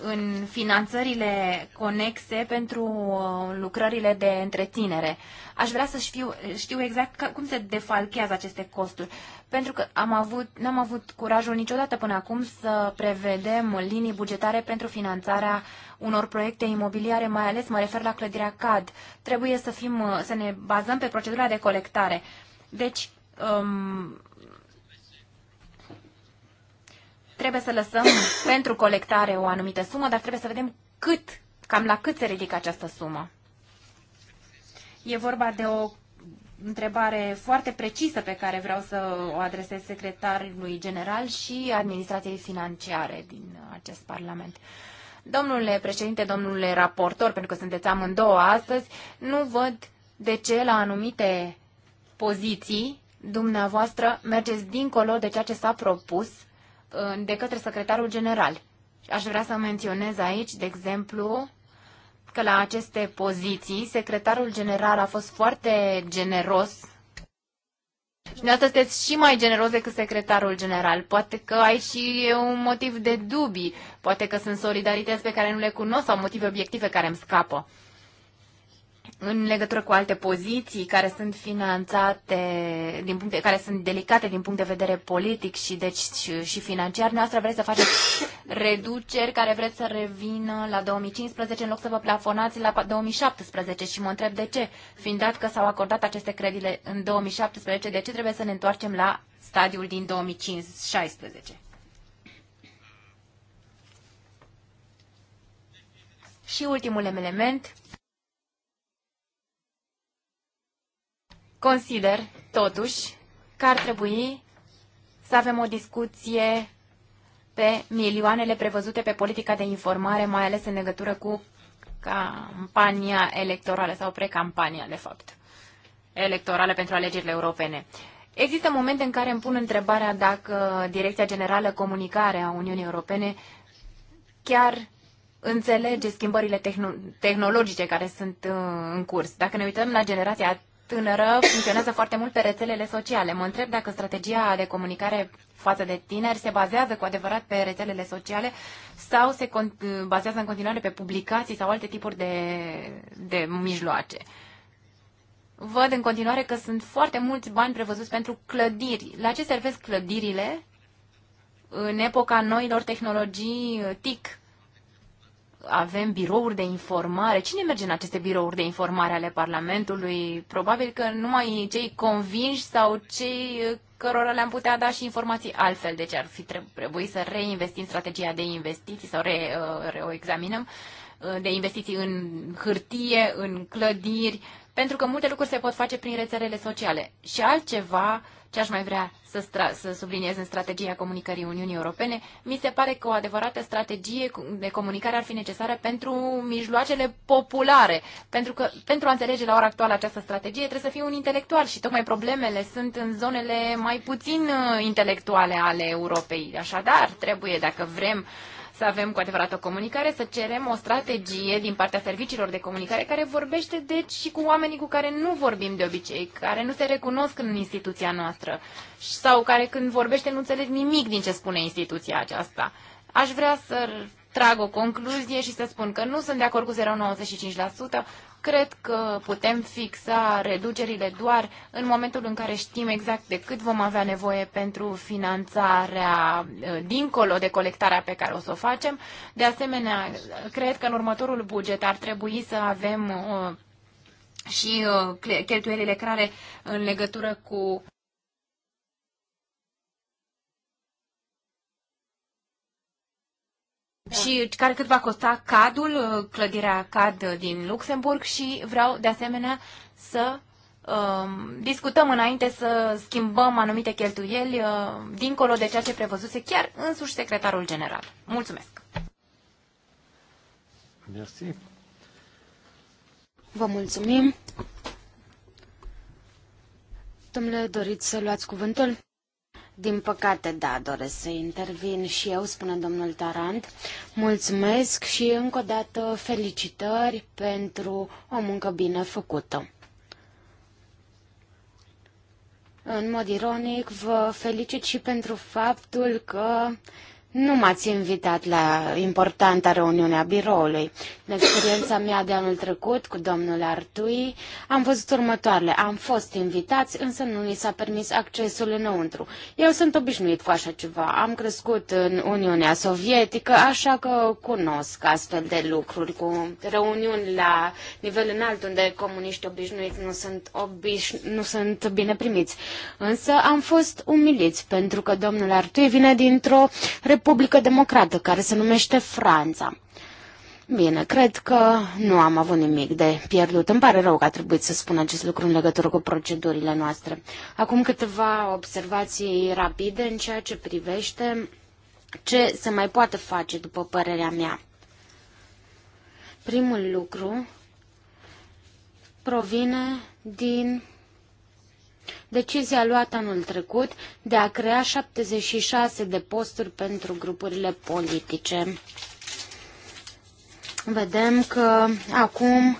în finanțările conexe pentru uh, lucrările de întreținere. Aș vrea să știu, știu exact cum se defalchează aceste costuri, pentru că am avut, n-am avut curajul niciodată până acum să prevedem linii bugetare pentru finanțarea unor proiecte imobiliare, mai ales mă refer la clădirea CAD. Trebuie să, fim, uh, să ne bazăm pe procedura de colectare. Deci, um, Trebuie să lăsăm pentru colectare o anumită sumă, dar trebuie să vedem cât, cam la cât se ridică această sumă. E vorba de o întrebare foarte precisă pe care vreau să o adresez secretarului general și administrației financiare din acest Parlament. Domnule președinte, domnule raportor, pentru că sunteți amândouă astăzi, nu văd de ce la anumite poziții dumneavoastră mergeți dincolo de ceea ce s-a propus de către secretarul general. Aș vrea să menționez aici, de exemplu, că la aceste poziții secretarul general a fost foarte generos și de asta sunteți și mai generos decât secretarul general. Poate că ai și un motiv de dubii, poate că sunt solidarități pe care nu le cunosc sau motive obiective care îmi scapă în legătură cu alte poziții care sunt finanțate, din punct de, care sunt delicate din punct de vedere politic și, deci, și, și financiar, noastră vreți să faceți reduceri care vreți să revină la 2015 în loc să vă plafonați la 2017 și mă întreb de ce, fiind dat că s-au acordat aceste credite în 2017, de ce trebuie să ne întoarcem la stadiul din 2016? Și ultimul element, Consider, totuși, că ar trebui să avem o discuție pe milioanele prevăzute pe politica de informare, mai ales în legătură cu campania electorală sau precampania, de fapt, electorală pentru alegerile europene. Există momente în care îmi pun întrebarea dacă Direcția Generală Comunicare a Uniunii Europene chiar înțelege schimbările tehnologice care sunt uh, în curs. Dacă ne uităm la generația tânără funcționează foarte mult pe rețelele sociale. Mă întreb dacă strategia de comunicare față de tineri se bazează cu adevărat pe rețelele sociale sau se bazează în continuare pe publicații sau alte tipuri de, de mijloace. Văd în continuare că sunt foarte mulți bani prevăzuți pentru clădiri. La ce servesc clădirile în epoca noilor tehnologii uh, TIC? avem birouri de informare. Cine merge în aceste birouri de informare ale Parlamentului? Probabil că numai cei convinși sau cei uh, cărora le-am putea da și informații altfel. Deci ar fi trebuit să reinvestim strategia de investiții sau re, uh, re, o examinăm uh, de investiții în hârtie, în clădiri, pentru că multe lucruri se pot face prin rețelele sociale. Și altceva uh, ce aș mai vrea să, să subliniez în strategia comunicării Uniunii Europene, mi se pare că o adevărată strategie de comunicare ar fi necesară pentru mijloacele populare. Pentru că pentru a înțelege la ora actuală această strategie trebuie să fii un intelectual și tocmai problemele sunt în zonele mai puțin uh, intelectuale ale Europei. Așadar, trebuie, dacă vrem să avem cu adevărat o comunicare, să cerem o strategie din partea serviciilor de comunicare care vorbește deci și cu oamenii cu care nu vorbim de obicei, care nu se recunosc în instituția noastră sau care când vorbește nu înțeleg nimic din ce spune instituția aceasta. Aș vrea să trag o concluzie și să spun că nu sunt de acord cu 0,95%, Cred că putem fixa reducerile doar în momentul în care știm exact de cât vom avea nevoie pentru finanțarea eh, dincolo de colectarea pe care o să o facem. De asemenea, cred că în următorul buget ar trebui să avem eh, și eh, cheltuielile care în legătură cu Și care cât va costa cadul, uh, clădirea CAD uh, din Luxemburg și vreau de asemenea să um, discutăm înainte să schimbăm anumite cheltuieli uh, dincolo de ceea ce prevăzuse chiar însuși secretarul general. Mulțumesc! Merci. Vă mulțumim! Domnule, doriți să luați cuvântul? Din păcate, da, doresc să intervin și eu, spune domnul Tarant. Mulțumesc și încă o dată felicitări pentru o muncă bine făcută. În mod ironic, vă felicit și pentru faptul că nu m-ați invitat la importanta reuniune a biroului. În experiența mea de anul trecut cu domnul Artui, am văzut următoarele. Am fost invitați, însă nu ni s-a permis accesul înăuntru. Eu sunt obișnuit cu așa ceva. Am crescut în Uniunea Sovietică, așa că cunosc astfel de lucruri cu reuniuni la nivel înalt, unde comuniști obișnuiți nu sunt, obiș- nu sunt bine primiți. Însă am fost umiliți, pentru că domnul Artui vine dintr-o republică democrată care se numește Franța. Bine, cred că nu am avut nimic de pierdut. Îmi pare rău că a trebuit să spun acest lucru în legătură cu procedurile noastre. Acum câteva observații rapide în ceea ce privește ce se mai poate face, după părerea mea. Primul lucru provine din Decizia luată anul trecut de a crea 76 de posturi pentru grupurile politice. Vedem că acum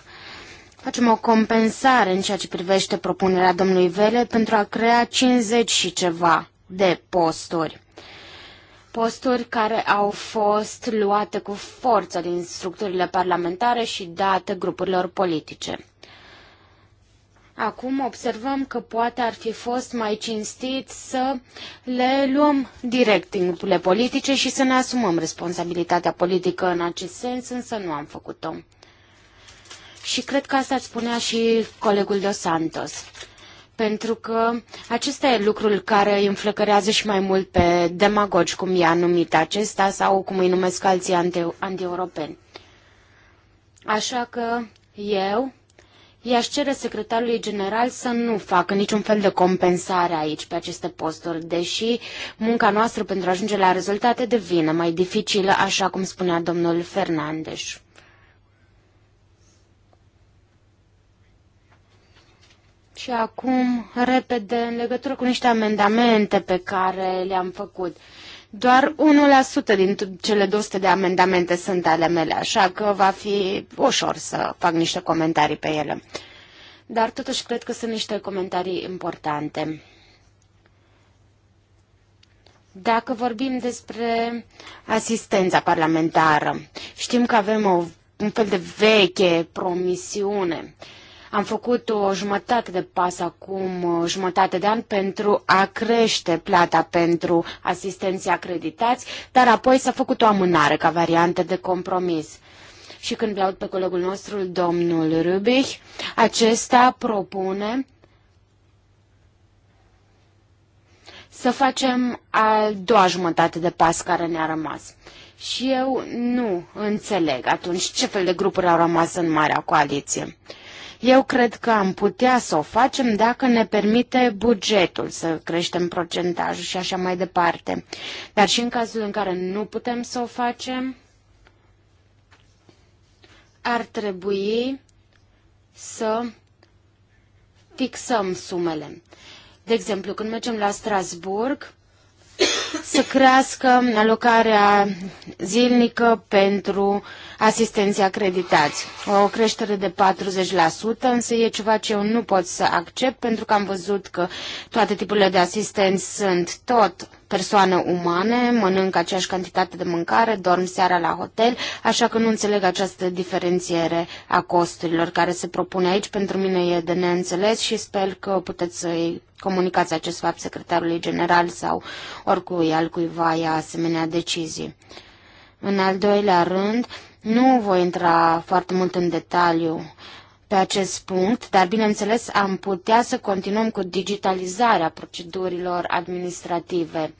Facem o compensare în ceea ce privește propunerea domnului Vele pentru a crea 50 și ceva de posturi. Posturi care au fost luate cu forță din structurile parlamentare și date grupurilor politice. Acum observăm că poate ar fi fost mai cinstit să le luăm direct în grupurile politice și să ne asumăm responsabilitatea politică în acest sens, însă nu am făcut-o. Și cred că asta spunea și colegul Dos Santos pentru că acesta e lucrul care îi înflăcărează și mai mult pe demagogi, cum i-a numit acesta, sau cum îi numesc alții anti- europeni Așa că eu I-aș cere secretarului general să nu facă niciun fel de compensare aici, pe aceste posturi, deși munca noastră pentru a ajunge la rezultate devine mai dificilă, așa cum spunea domnul Fernandes. Și acum, repede, în legătură cu niște amendamente pe care le-am făcut. Uh, doar 1% din cele 200 de amendamente sunt ale mele, așa că va fi ușor să fac niște comentarii pe ele. Dar totuși cred că sunt niște comentarii importante. Dacă vorbim despre asistența parlamentară, știm că avem o, un fel de veche promisiune uh, am făcut o jumătate de pas acum, jumătate de an, pentru a crește plata pentru asistenții acreditați, dar apoi s-a făcut o amânare ca variantă de compromis și când laud pe colegul nostru, domnul Rubich, acesta propune să facem a doua jumătate de pas care ne-a rămas. Și eu nu înțeleg atunci ce fel de grupuri au rămas în Marea Coaliție. Eu cred că am putea să o facem dacă ne permite bugetul să creștem procentajul și așa mai departe. Dar și în cazul în care nu putem să o facem, ar trebui să fixăm sumele. De exemplu, când mergem la Strasburg, să crească alocarea zilnică pentru asistenții acreditați. O creștere de 40%, însă e ceva ce eu nu pot să accept pentru că am văzut că toate tipurile de asistenți sunt tot persoane umane, mănâncă aceeași cantitate de mâncare, dorm seara la hotel, așa că nu înțeleg această diferențiere a costurilor care se propune aici. Pentru mine e de neînțeles și sper că puteți să-i comunicați acest fapt secretarului general sau oricui altcuiva ia asemenea decizii. În al doilea rând, nu voi intra foarte mult în detaliu pe acest punct, dar bineînțeles am putea să continuăm cu digitalizarea procedurilor administrative.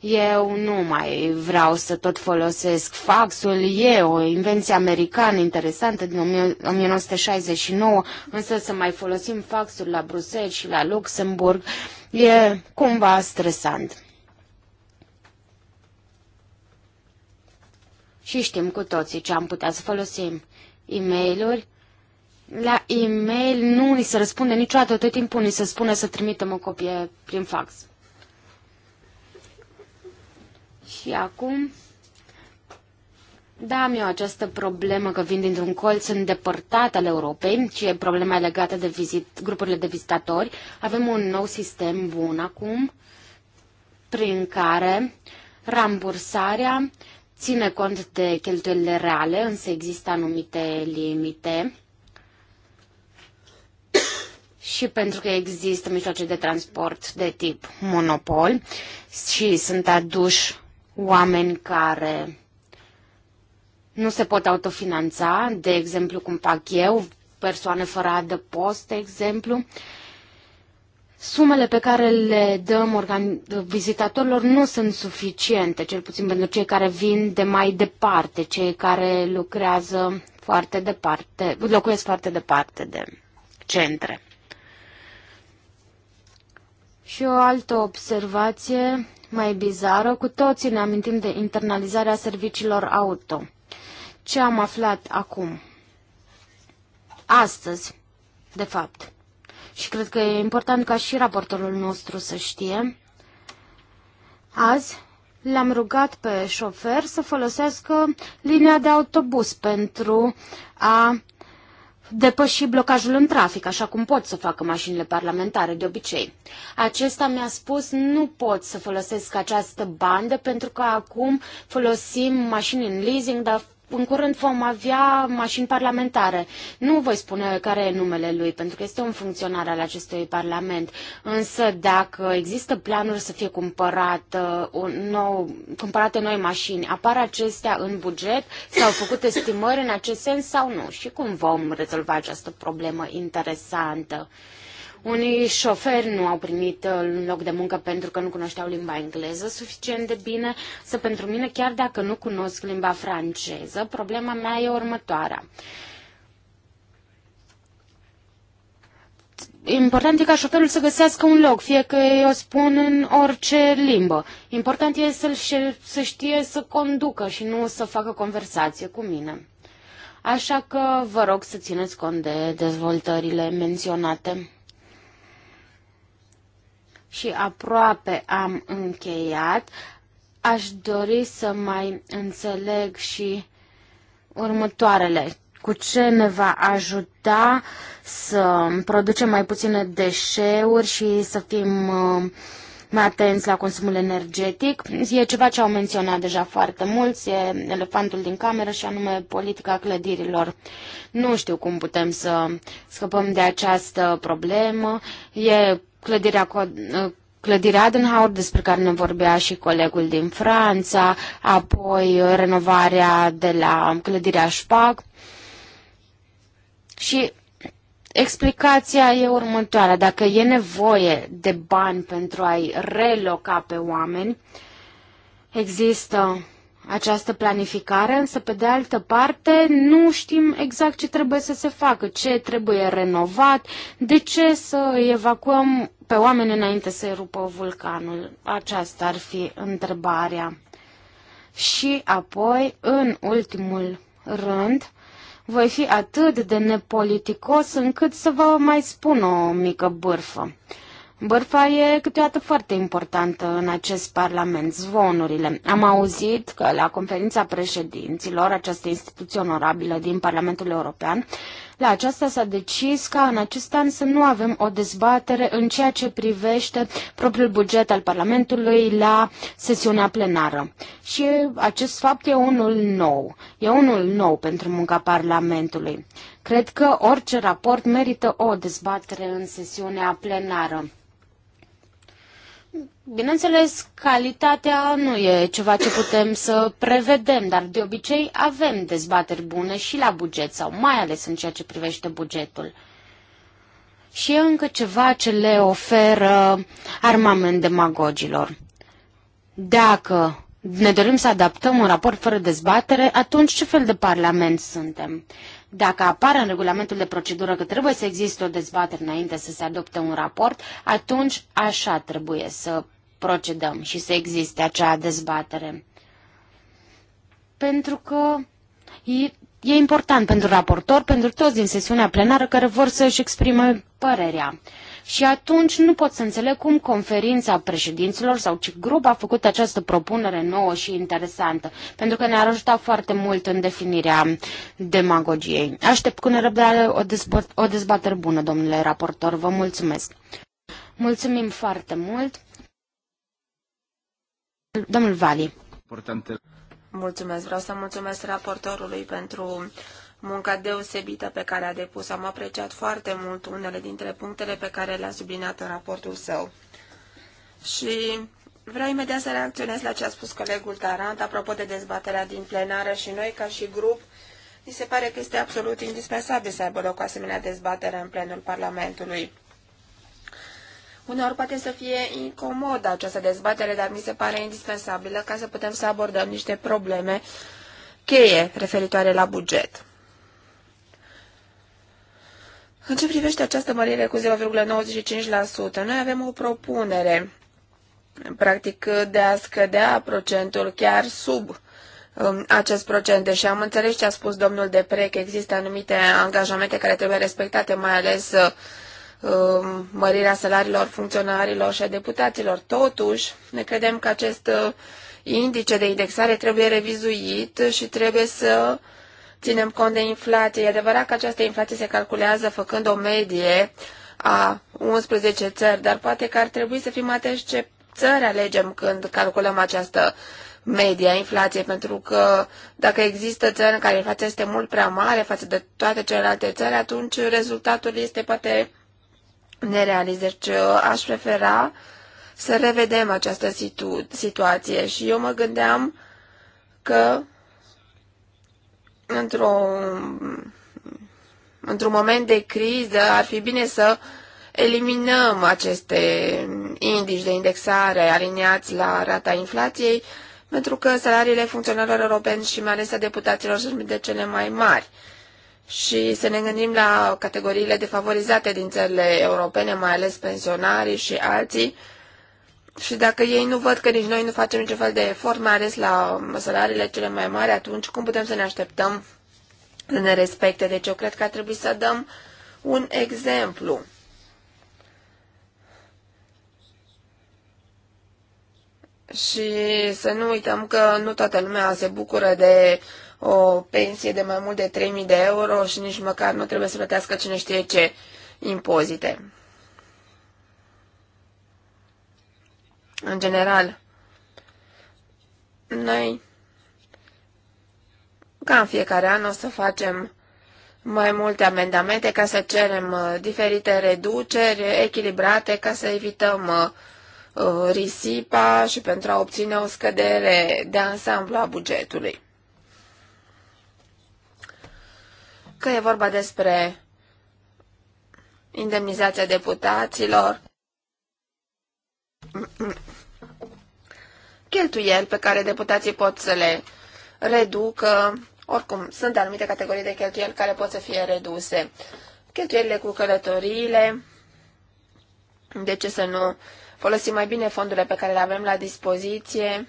Eu nu mai vreau să tot folosesc faxul, e o invenție americană interesantă din 1969, însă să mai folosim faxul la Bruxelles și la Luxemburg e cumva stresant. Și știm cu toții ce am putea să folosim. E-mail-uri, la e-mail nu ni se răspunde niciodată, tot timpul ni se spune să trimitem o copie prin fax. Și acum, da, am eu această problemă că vin dintr-un colț îndepărtat al Europei, ci e problema legată de vizit, grupurile de vizitatori. Avem un nou sistem bun acum, prin care rambursarea ține cont de cheltuielile reale, însă există anumite limite și pentru că există mijloace de transport de tip monopol și sunt aduși oameni care nu se pot autofinanța, de exemplu cum fac eu, persoane fără adăpost, de exemplu. Sumele pe care le dăm organ- vizitatorilor nu sunt suficiente, cel puțin pentru cei care vin de mai departe, cei care lucrează foarte departe, locuiesc foarte departe de centre. Și o altă observație mai bizară, cu toții ne amintim de internalizarea serviciilor auto. Ce am aflat acum? Astăzi, de fapt. Și cred că e important ca și raportorul nostru să știe. Azi l-am rugat pe șofer să folosească linia de autobuz pentru a depăși blocajul în trafic, așa cum pot să facă mașinile parlamentare de obicei. Acesta mi-a spus nu pot să folosesc această bandă pentru că acum folosim mașini în leasing, dar în curând vom avea mașini parlamentare. Nu voi spune care e numele lui, pentru că este un funcționar al acestui parlament. Însă dacă există planuri să fie uh, un nou, cumpărate noi mașini, apar acestea în buget? S-au făcut estimări în acest sens sau nu? Și cum vom rezolva această problemă interesantă? Unii șoferi nu au primit uh, un loc de muncă pentru că nu cunoșteau limba engleză suficient de bine, să pentru mine, chiar dacă nu cunosc limba franceză, problema mea e următoarea. Important e ca șoferul să găsească un loc, fie că eu spun în orice limbă. Important e să, să știe să conducă și nu să facă conversație cu mine. Așa că vă rog să țineți cont de dezvoltările menționate și aproape am încheiat. Aș dori să mai înțeleg și următoarele. Cu ce ne va ajuta să producem mai puține deșeuri și să fim uh, mai atenți la consumul energetic. E ceva ce au menționat deja foarte mulți, e elefantul din cameră și anume politica clădirilor. Nu știu cum putem să scăpăm de această problemă. E clădirea uh, clădirea Adenauer, despre care ne vorbea și colegul din Franța, apoi renovarea de la clădirea Spac. Și explicația e următoarea. Dacă e nevoie de bani pentru a-i reloca pe oameni, există această planificare, însă pe de altă parte nu știm exact ce trebuie să se facă, ce trebuie renovat, de ce să evacuăm pe oameni înainte să rupă vulcanul. Aceasta ar fi întrebarea. Și apoi, în ultimul rând, voi fi atât de nepoliticos încât să vă mai spun o mică bârfă. Bârfa e câteodată foarte importantă în acest parlament, zvonurile. Am auzit că la conferința președinților, această instituție onorabilă din Parlamentul European, la aceasta s-a decis ca în acest an să nu avem o dezbatere în ceea ce privește propriul buget al Parlamentului la sesiunea plenară. Și acest fapt e unul nou. E unul nou pentru munca Parlamentului. Cred că orice raport merită o dezbatere în sesiunea plenară. Bineînțeles, calitatea nu e ceva ce putem să prevedem, dar de obicei avem dezbateri bune și la buget sau mai ales în ceea ce privește bugetul. Și e încă ceva ce le oferă armament demagogilor. Dacă ne dorim să adaptăm un raport fără dezbatere, atunci ce fel de parlament suntem? Dacă apare în regulamentul de procedură că trebuie să existe o dezbatere înainte să se adopte un raport, atunci așa trebuie să procedăm și să existe acea dezbatere. Pentru că e, e important pentru raportor, pentru toți din sesiunea plenară care vor să își exprime părerea. Și atunci nu pot să înțeleg cum conferința președinților sau ce grup a făcut această propunere nouă și interesantă, pentru că ne-ar ajuta foarte mult în definirea demagogiei. Aștept cu nerăbdare o, o dezbatere bună, domnule raportor. Vă mulțumesc! Mulțumim foarte mult! Domnul Vali. Mulțumesc, vreau să mulțumesc raportorului pentru munca deosebită pe care a depus. Am apreciat foarte mult unele dintre punctele pe care le-a subliniat în raportul său. Și vreau imediat să reacționez la ce a spus colegul Tarant apropo de dezbaterea din plenară și noi ca și grup mi se pare că este absolut indispensabil să aibă loc o asemenea dezbatere în plenul Parlamentului. Uneori poate să fie incomodă această dezbatere, dar mi se pare indispensabilă ca să putem să abordăm niște probleme cheie referitoare la buget. În ce privește această mărire cu 0,95%, noi avem o propunere, practic, de a scădea procentul chiar sub um, acest procent, deși am înțeles ce a spus domnul Depre, că există anumite angajamente care trebuie respectate, mai ales um, mărirea salariilor funcționarilor și a deputaților. Totuși, ne credem că acest uh, indice de indexare trebuie revizuit și trebuie să ținem cont de inflație. E adevărat că această inflație se calculează făcând o medie a 11 țări, dar poate că ar trebui să fim atenți ce țări alegem când calculăm această media inflației, pentru că dacă există țări în care inflația este mult prea mare față de toate celelalte țări, atunci rezultatul este poate nerealist. Deci uh, aș prefera să revedem această situ- situație și eu mă gândeam că într-un într-un moment de criză ar fi bine să eliminăm aceste indici de indexare aliniați la rata inflației, pentru că salariile funcționarilor europeni și mai ales a deputaților sunt de cele mai mari. Și să ne gândim la categoriile defavorizate din țările europene, mai ales pensionarii și alții, și dacă ei nu văd că nici noi nu facem niciun fel de efort, mai ales la salariile cele mai mari, atunci cum putem să ne așteptăm să ne respecte? Deci eu cred că ar trebui să dăm un exemplu. Și să nu uităm că nu toată lumea se bucură de o pensie de mai mult de 3.000 de euro și nici măcar nu trebuie să plătească cine știe ce impozite. în general, noi, ca în fiecare an, o să facem mai multe amendamente ca să cerem uh, diferite reduceri echilibrate ca să evităm uh, uh, risipa și pentru a obține o scădere de ansamblu a bugetului. Că e vorba despre indemnizația deputaților, cheltuieli pe care deputații pot să le reducă. Oricum, sunt anumite categorii de cheltuieli care pot să fie reduse. Cheltuielile cu călătoriile, de ce să nu folosim mai bine fondurile pe care le avem la dispoziție,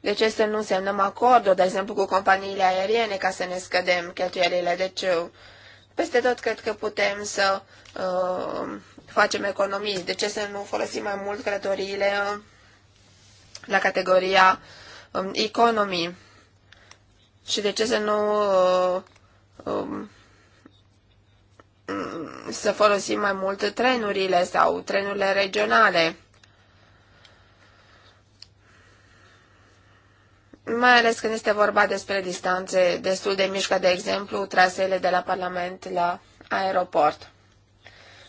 de ce să nu semnăm acorduri, de exemplu, cu companiile aeriene ca să ne scădem cheltuielile. Deci, peste tot cred că putem să uh, facem economii, de ce să nu folosim mai mult călătoriile uh, la categoria um, economii și de ce să nu uh, um, mm, să folosim mai mult trenurile sau trenurile regionale. Mai ales când este vorba despre distanțe destul de mici, de exemplu traseele de la Parlament la aeroport.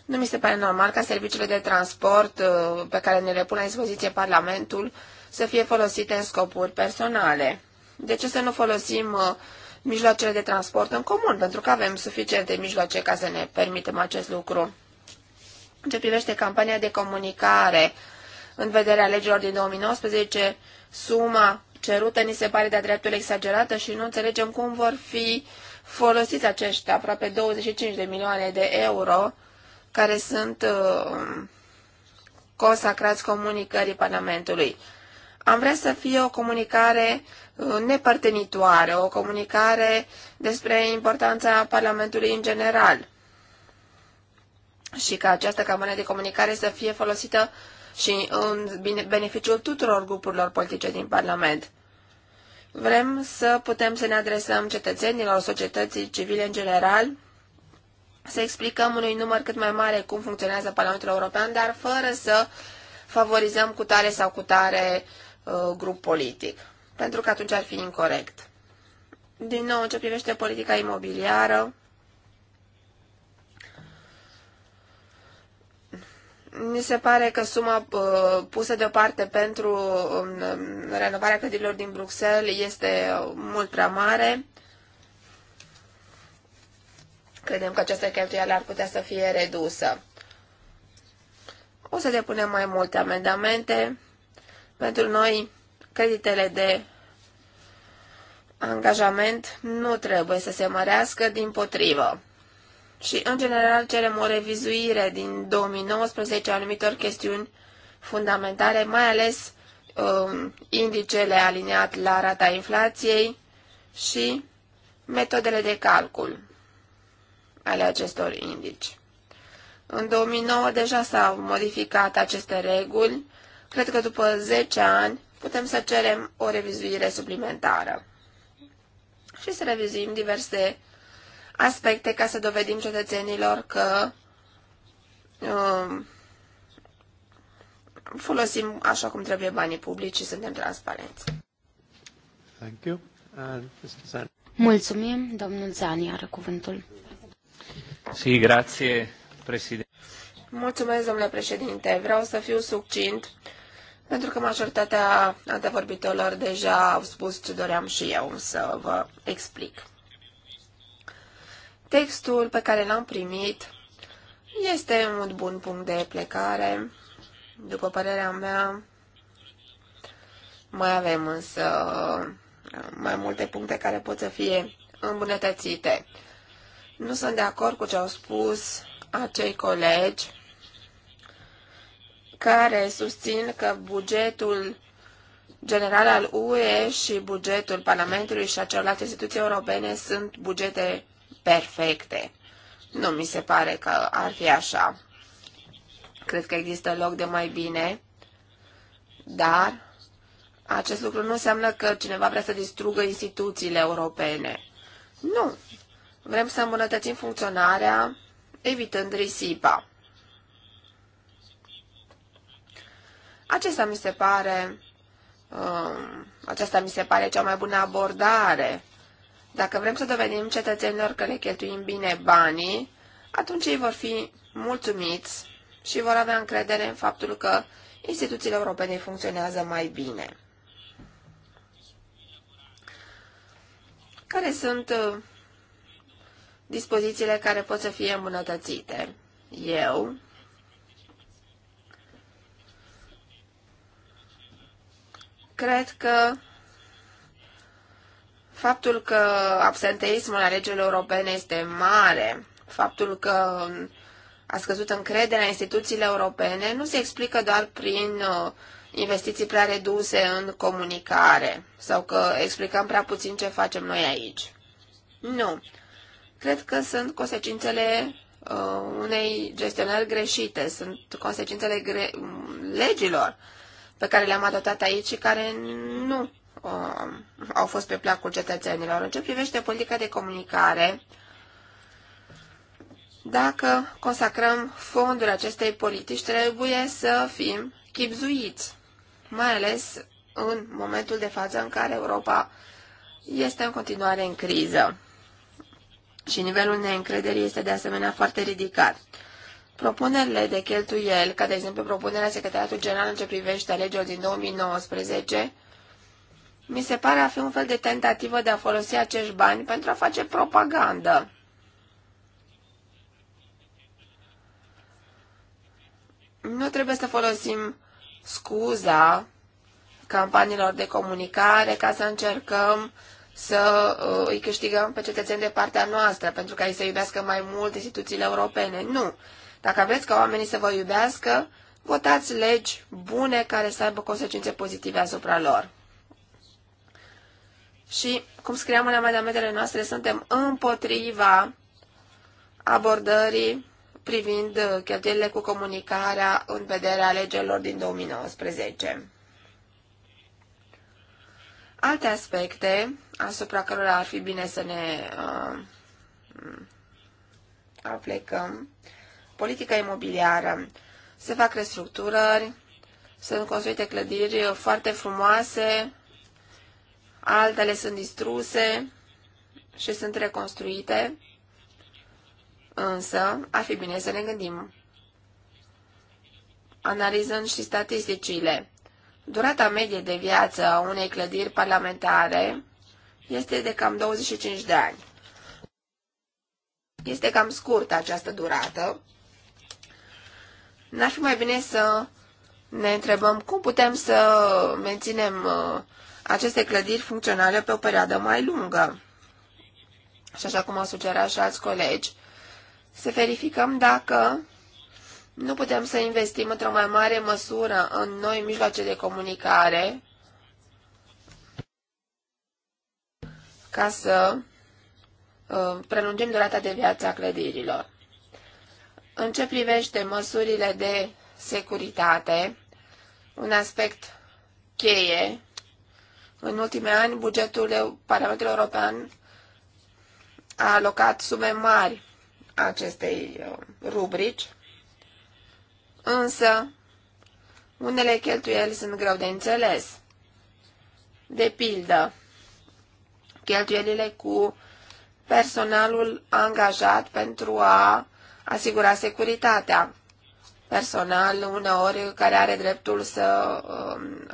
Nu mi se pare normal ca serviciile de transport uh, pe care ne le pune la dispoziție Parlamentul să fie folosite în scopuri personale. De ce să nu folosim uh, mijloacele de transport în comun? Pentru că avem suficiente mijloace ca să ne permitem acest lucru. În ce privește campania de comunicare în vederea legilor din 2019, suma cerută ni se pare de-a dreptul exagerată și nu înțelegem cum vor fi folosiți acești aproape 25 de milioane de euro care sunt uh, consacrați comunicării Parlamentului. Am vrea să fie o comunicare uh, nepărtenitoare, o comunicare despre importanța Parlamentului în general și ca această campanie de comunicare să fie folosită și în beneficiul tuturor grupurilor politice din Parlament. Vrem să putem să ne adresăm cetățenilor, societății civile în general să explicăm unui număr cât mai mare cum funcționează Parlamentul European, dar fără să favorizăm cu tare sau cu tare uh, grup politic, pentru că atunci ar fi incorrect. Din nou, în ce privește politica imobiliară, mi se pare că suma uh, pusă deoparte pentru um, renovarea clădirilor din Bruxelles este mult prea mare. Credem că această cheltuială ar putea să fie redusă. O să depunem mai multe amendamente. Pentru noi, creditele de angajament nu trebuie să se mărească din potrivă. Și, în general, cerem o revizuire din 2019 a anumitor chestiuni fundamentale, mai ales um, indicele aliniat la rata inflației și metodele de calcul ale acestor indici. În 2009 deja s-au modificat aceste reguli. Cred că după 10 ani putem să cerem o revizuire suplimentară și să revizuim diverse aspecte ca să dovedim cetățenilor că um, folosim așa cum trebuie banii publici și suntem transparenți. Thank you. Mulțumim, domnul Zani are cuvântul. Mulțumesc, domnule președinte. Vreau să fiu succint, pentru că majoritatea antevorbitorilor deja au spus ce doream și eu să vă explic. Textul pe care l-am primit este un bun punct de plecare. După părerea mea, mai avem însă mai multe puncte care pot să fie îmbunătățite. Nu sunt de acord cu ce au spus acei colegi care susțin că bugetul general al UE și bugetul Parlamentului și a celorlalte instituții europene sunt bugete perfecte. Nu mi se pare că ar fi așa. Cred că există loc de mai bine, dar acest lucru nu înseamnă că cineva vrea să distrugă instituțiile europene. Nu, Vrem să îmbunătățim funcționarea, evitând risipa. Acesta mi se pare, um, aceasta mi se pare cea mai bună abordare. Dacă vrem să dovedim cetățenilor că le cheltuim bine banii, atunci ei vor fi mulțumiți și vor avea încredere în faptul că instituțiile europene funcționează mai bine. Care sunt uh, dispozițiile care pot să fie îmbunătățite. Eu cred că faptul că absenteismul alegerilor europene este mare, faptul că a scăzut încrederea în instituțiile europene, nu se explică doar prin uh, investiții prea reduse în comunicare sau că explicăm prea puțin ce facem noi aici. Nu cred că sunt consecințele uh, unei gestionări greșite, sunt consecințele gre- legilor pe care le-am adoptat aici și care nu uh, au fost pe placul cetățenilor. În ce privește politica de comunicare, dacă consacrăm fonduri acestei politici, trebuie să fim chipzuiți, mai ales în momentul de față în care Europa este în continuare în criză și nivelul neîncrederii este de asemenea foarte ridicat. Propunerile de cheltuiel, ca de exemplu propunerea Secretariatului General în ce privește alegerile din 2019, mi se pare a fi un fel de tentativă de a folosi acești bani pentru a face propagandă. Nu trebuie să folosim scuza campaniilor de comunicare ca să încercăm să uh, îi câștigăm pe cetățeni de partea noastră, pentru ca ei să iubească mai mult instituțiile europene. Nu. Dacă vreți ca oamenii să vă iubească, votați legi bune care să aibă consecințe pozitive asupra lor. Și, cum scriam în amendamentele noastre, suntem împotriva abordării privind cheltuielile cu comunicarea în vederea legelor din 2019. Alte aspecte asupra cărora ar fi bine să ne uh, aplecăm, politica imobiliară, se fac restructurări, sunt construite clădiri foarte frumoase, altele sunt distruse și sunt reconstruite, însă ar fi bine să ne gândim, analizând și statisticile Durata medie de viață a unei clădiri parlamentare este de cam 25 de ani. Este cam scurtă această durată. N-ar fi mai bine să ne întrebăm cum putem să menținem uh, aceste clădiri funcționale pe o perioadă mai lungă. Și așa cum au sugerat și alți colegi, să verificăm dacă nu putem să investim într-o mai mare măsură în noi mijloace de comunicare ca să uh, prelungim durata de viață a clădirilor. În ce privește măsurile de securitate, un aspect cheie, în ultimii ani bugetul Parlamentului European a alocat sume mari acestei uh, rubrici însă unele cheltuieli sunt greu de înțeles. De pildă, cheltuielile cu personalul angajat pentru a asigura securitatea. Personal uneori care are dreptul să um,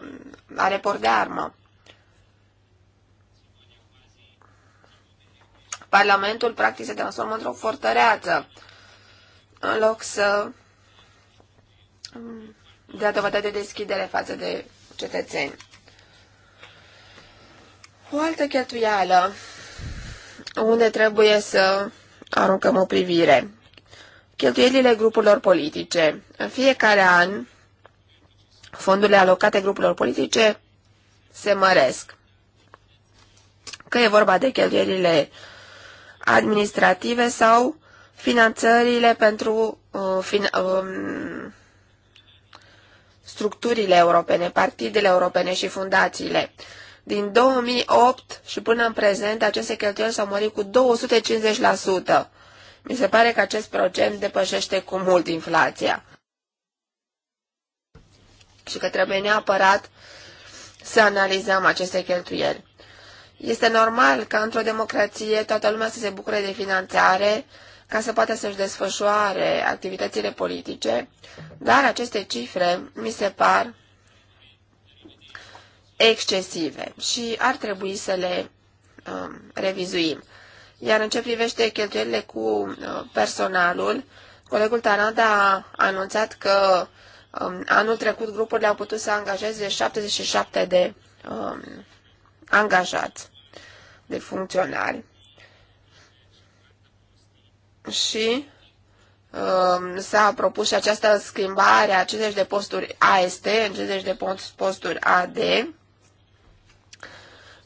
are por de armă. Parlamentul practic se transformă într-o fortăreață în loc să dea dovadă de deschidere față de cetățeni. O altă cheltuială unde trebuie să aruncăm o privire. Cheltuielile grupurilor politice. În fiecare an, fondurile alocate grupurilor politice se măresc. Că e vorba de cheltuielile administrative sau finanțările pentru uh, fin, uh, structurile europene, partidele europene și fundațiile. Din 2008 și până în prezent, aceste cheltuieli s-au mărit cu 250%. Mi se pare că acest procent depășește cu mult inflația. Și că trebuie neapărat să analizăm aceste cheltuieli. Este normal ca într-o democrație toată lumea să se bucure de finanțare, ca să poată să-și desfășoare activitățile politice, dar aceste cifre mi se par excesive și ar trebui să le um, revizuim. Iar în ce privește cheltuielile cu uh, personalul, colegul Tarada a anunțat că um, anul trecut grupurile au putut să angajeze 77 de um, angajați, de funcționari și um, s-a propus și această schimbare a 50 de posturi AST în 50 de posturi AD,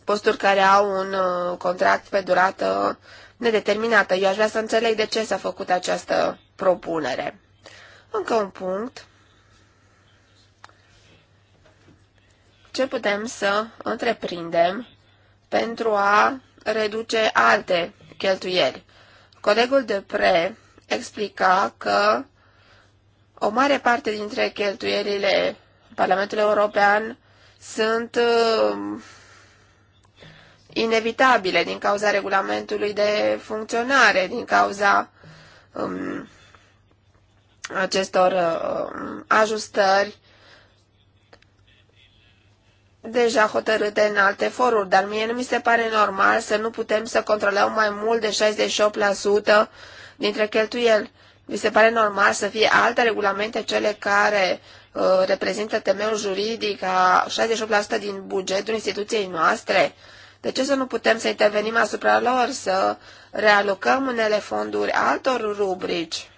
posturi care au un uh, contract pe durată nedeterminată. Eu aș vrea să înțeleg de ce s-a făcut această propunere. Încă un punct. Ce putem să întreprindem pentru a reduce alte cheltuieli? Colegul de pre explica că o mare parte dintre cheltuielile Parlamentului European sunt uh, inevitabile din cauza regulamentului de funcționare, din cauza um, acestor um, ajustări deja hotărâte în alte foruri, dar mie nu mi se pare normal să nu putem să controlăm mai mult de 68% dintre cheltuieli. Mi se pare normal să fie alte regulamente cele care uh, reprezintă temeul juridic a 68% din bugetul instituției noastre? De ce să nu putem să intervenim asupra lor, să realocăm unele fonduri altor rubrici?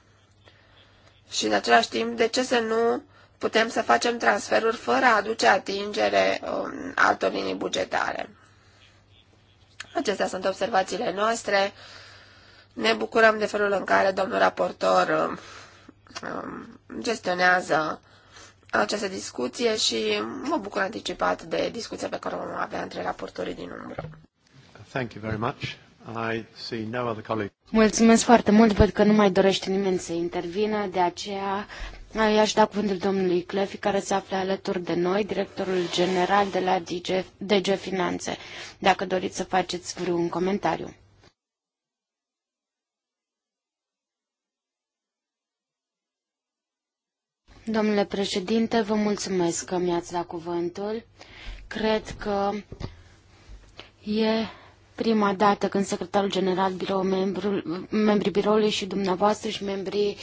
Și în același timp, de ce să nu putem să facem transferuri fără a aduce atingere um, altor linii bugetare. Acestea sunt observațiile noastre. Ne bucurăm de felul în care domnul raportor um, um, gestionează această discuție și mă bucur anticipat de discuția pe care o vom avea între raportorii din umbră. Thank you very much. I see no other colleague. Mulțumesc foarte mult, văd că nu mai dorește nimeni să intervină, de aceea I-aș da cuvântul domnului Clefi, care se află alături de noi, directorul general de la DG, DG Finanțe, dacă doriți să faceți vreun comentariu. Domnule președinte, vă mulțumesc că mi-ați dat cuvântul. Cred că e prima dată când secretarul general, birou, membru, membrii biroului și dumneavoastră și membrii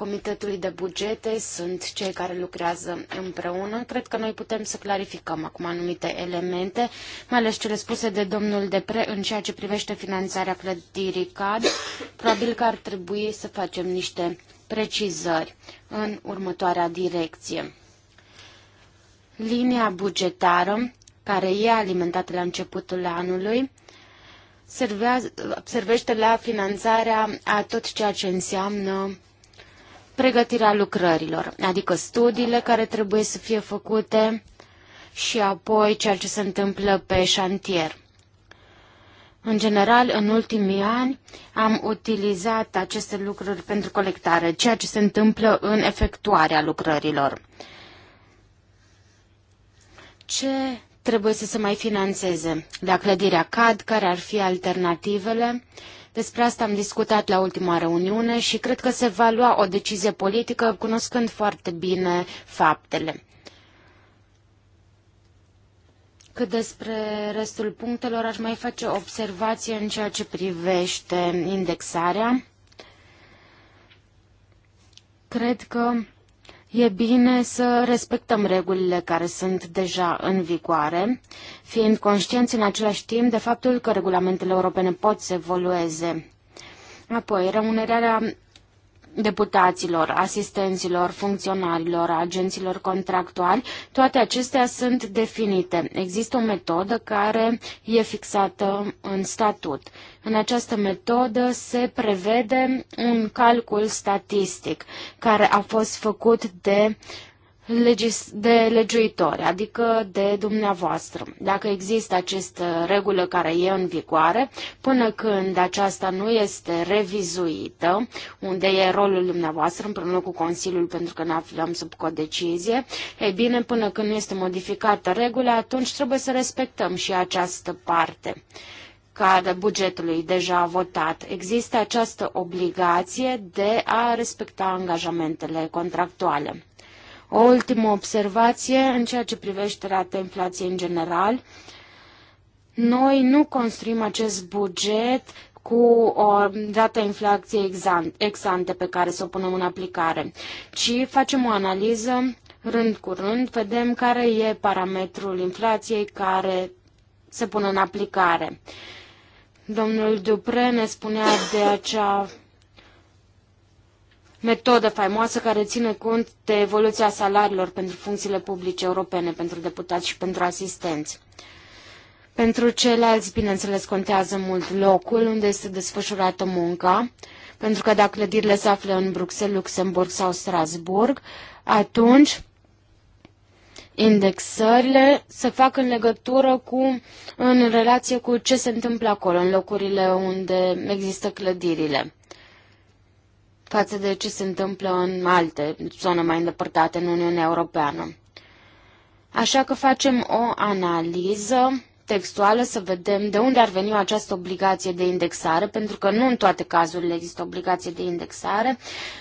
Comitetului de Bugete sunt cei care lucrează împreună. Cred că noi putem să clarificăm acum anumite elemente, mai ales cele spuse de domnul Depre în ceea ce privește finanțarea clădirii CAD. Probabil că ar trebui să facem niște precizări în următoarea direcție. Linia bugetară, care e alimentată la începutul anului, servează, servește la finanțarea a tot ceea ce înseamnă pregătirea lucrărilor, adică studiile care trebuie să fie făcute și apoi ceea ce se întâmplă pe șantier. În general, în ultimii ani am utilizat aceste lucruri pentru colectare, ceea ce se întâmplă în efectuarea lucrărilor. Ce trebuie să se mai financeze? La clădirea CAD, care ar fi alternativele? Uh, despre asta am discutat la ultima reuniune și cred că se va lua o decizie politică cunoscând foarte bine faptele. Cât despre restul punctelor, aș mai face observație în ceea ce privește indexarea. Cred că E bine să respectăm regulile care sunt deja în vigoare, fiind conștienți în același timp de faptul că regulamentele europene pot să evolueze. Apoi, remunerarea deputaților, asistenților, funcționarilor, agenților contractuali, toate acestea sunt definite. Există o metodă care e fixată în statut. În această metodă se prevede un calcul statistic care a fost făcut de uh, de legiuitori, adică de dumneavoastră. Dacă există această regulă care e în vigoare, până când aceasta nu este revizuită, unde e rolul dumneavoastră împreună cu Consiliul, pentru că ne aflăm sub codecizie, e bine, până când nu este modificată regula, atunci trebuie să respectăm și această parte cadă bugetului deja votat. Există această obligație de a respecta angajamentele contractuale. O ultimă observație în ceea ce privește rata inflației în general. Noi nu construim acest buget cu o rată inflației ex-ante pe care să o punem în aplicare, ci facem o analiză rând cu rând, vedem care e parametrul inflației care se pune în aplicare. Domnul Dupre ne spunea de acea metodă faimoasă care ține cont de evoluția salariilor pentru funcțiile publice europene, pentru deputați și pentru asistenți. Pentru ceilalți, bineînțeles, contează mult locul unde este desfășurată munca, pentru că dacă clădirile se află în Bruxelles, Luxemburg sau Strasburg, atunci indexările se fac în legătură cu, în relație cu ce se întâmplă acolo, în locurile unde există clădirile față de ce se întâmplă în alte zone mai îndepărtate în Uniunea Europeană. Așa că facem o analiză textuală să vedem de unde ar veni această obligație de indexare, pentru că nu în toate cazurile există obligație de indexare.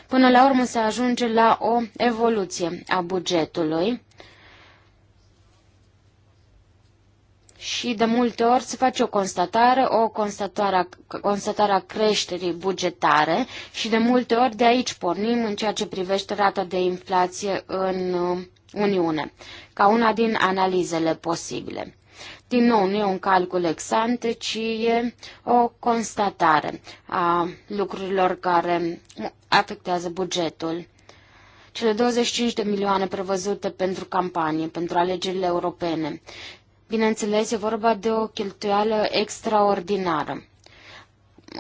Până la urmă se ajunge la o evoluție a bugetului. și de multe ori se face o constatare, o constatare constatare a creșterii bugetare și de multe ori de aici pornim în ceea ce privește rata de inflație în uh, Uniune, ca una din analizele posibile. Din nou, nu e un calcul exante, ci e o constatare a lucrurilor care afectează bugetul. Cele 25 de milioane prevăzute pentru campanie, pentru alegerile europene. Bineînțeles, e vorba de o cheltuială extraordinară,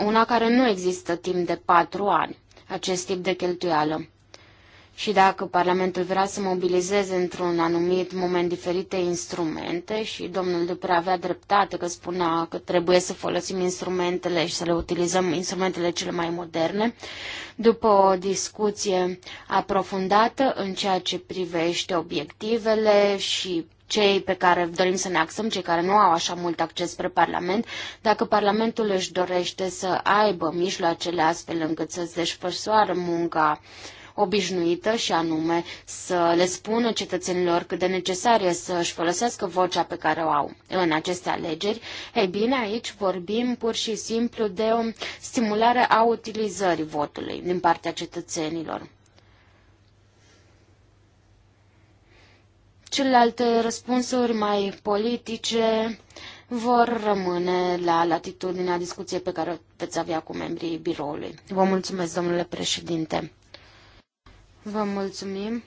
una care nu există timp de patru ani, acest tip de cheltuială. Și dacă Parlamentul vrea să mobilizeze într-un anumit moment diferite instrumente și domnul Dupre avea dreptate că spunea că trebuie să folosim instrumentele și să le utilizăm instrumentele cele mai moderne, după o discuție aprofundată în ceea ce privește obiectivele și cei pe care dorim să ne axăm, cei care nu au așa mult acces spre Parlament, dacă Parlamentul își dorește să aibă mijloacele astfel încât să-ți desfășoară munca obișnuită și anume să le spună cetățenilor cât de necesar e să își folosească vocea pe care o au în aceste alegeri, ei bine, aici vorbim pur și simplu de o stimulare a utilizării votului din partea cetățenilor. Celelalte răspunsuri mai politice vor rămâne la latitudinea discuției pe care o veți avea cu membrii biroului. Vă mulțumesc, domnule președinte. Vă mulțumim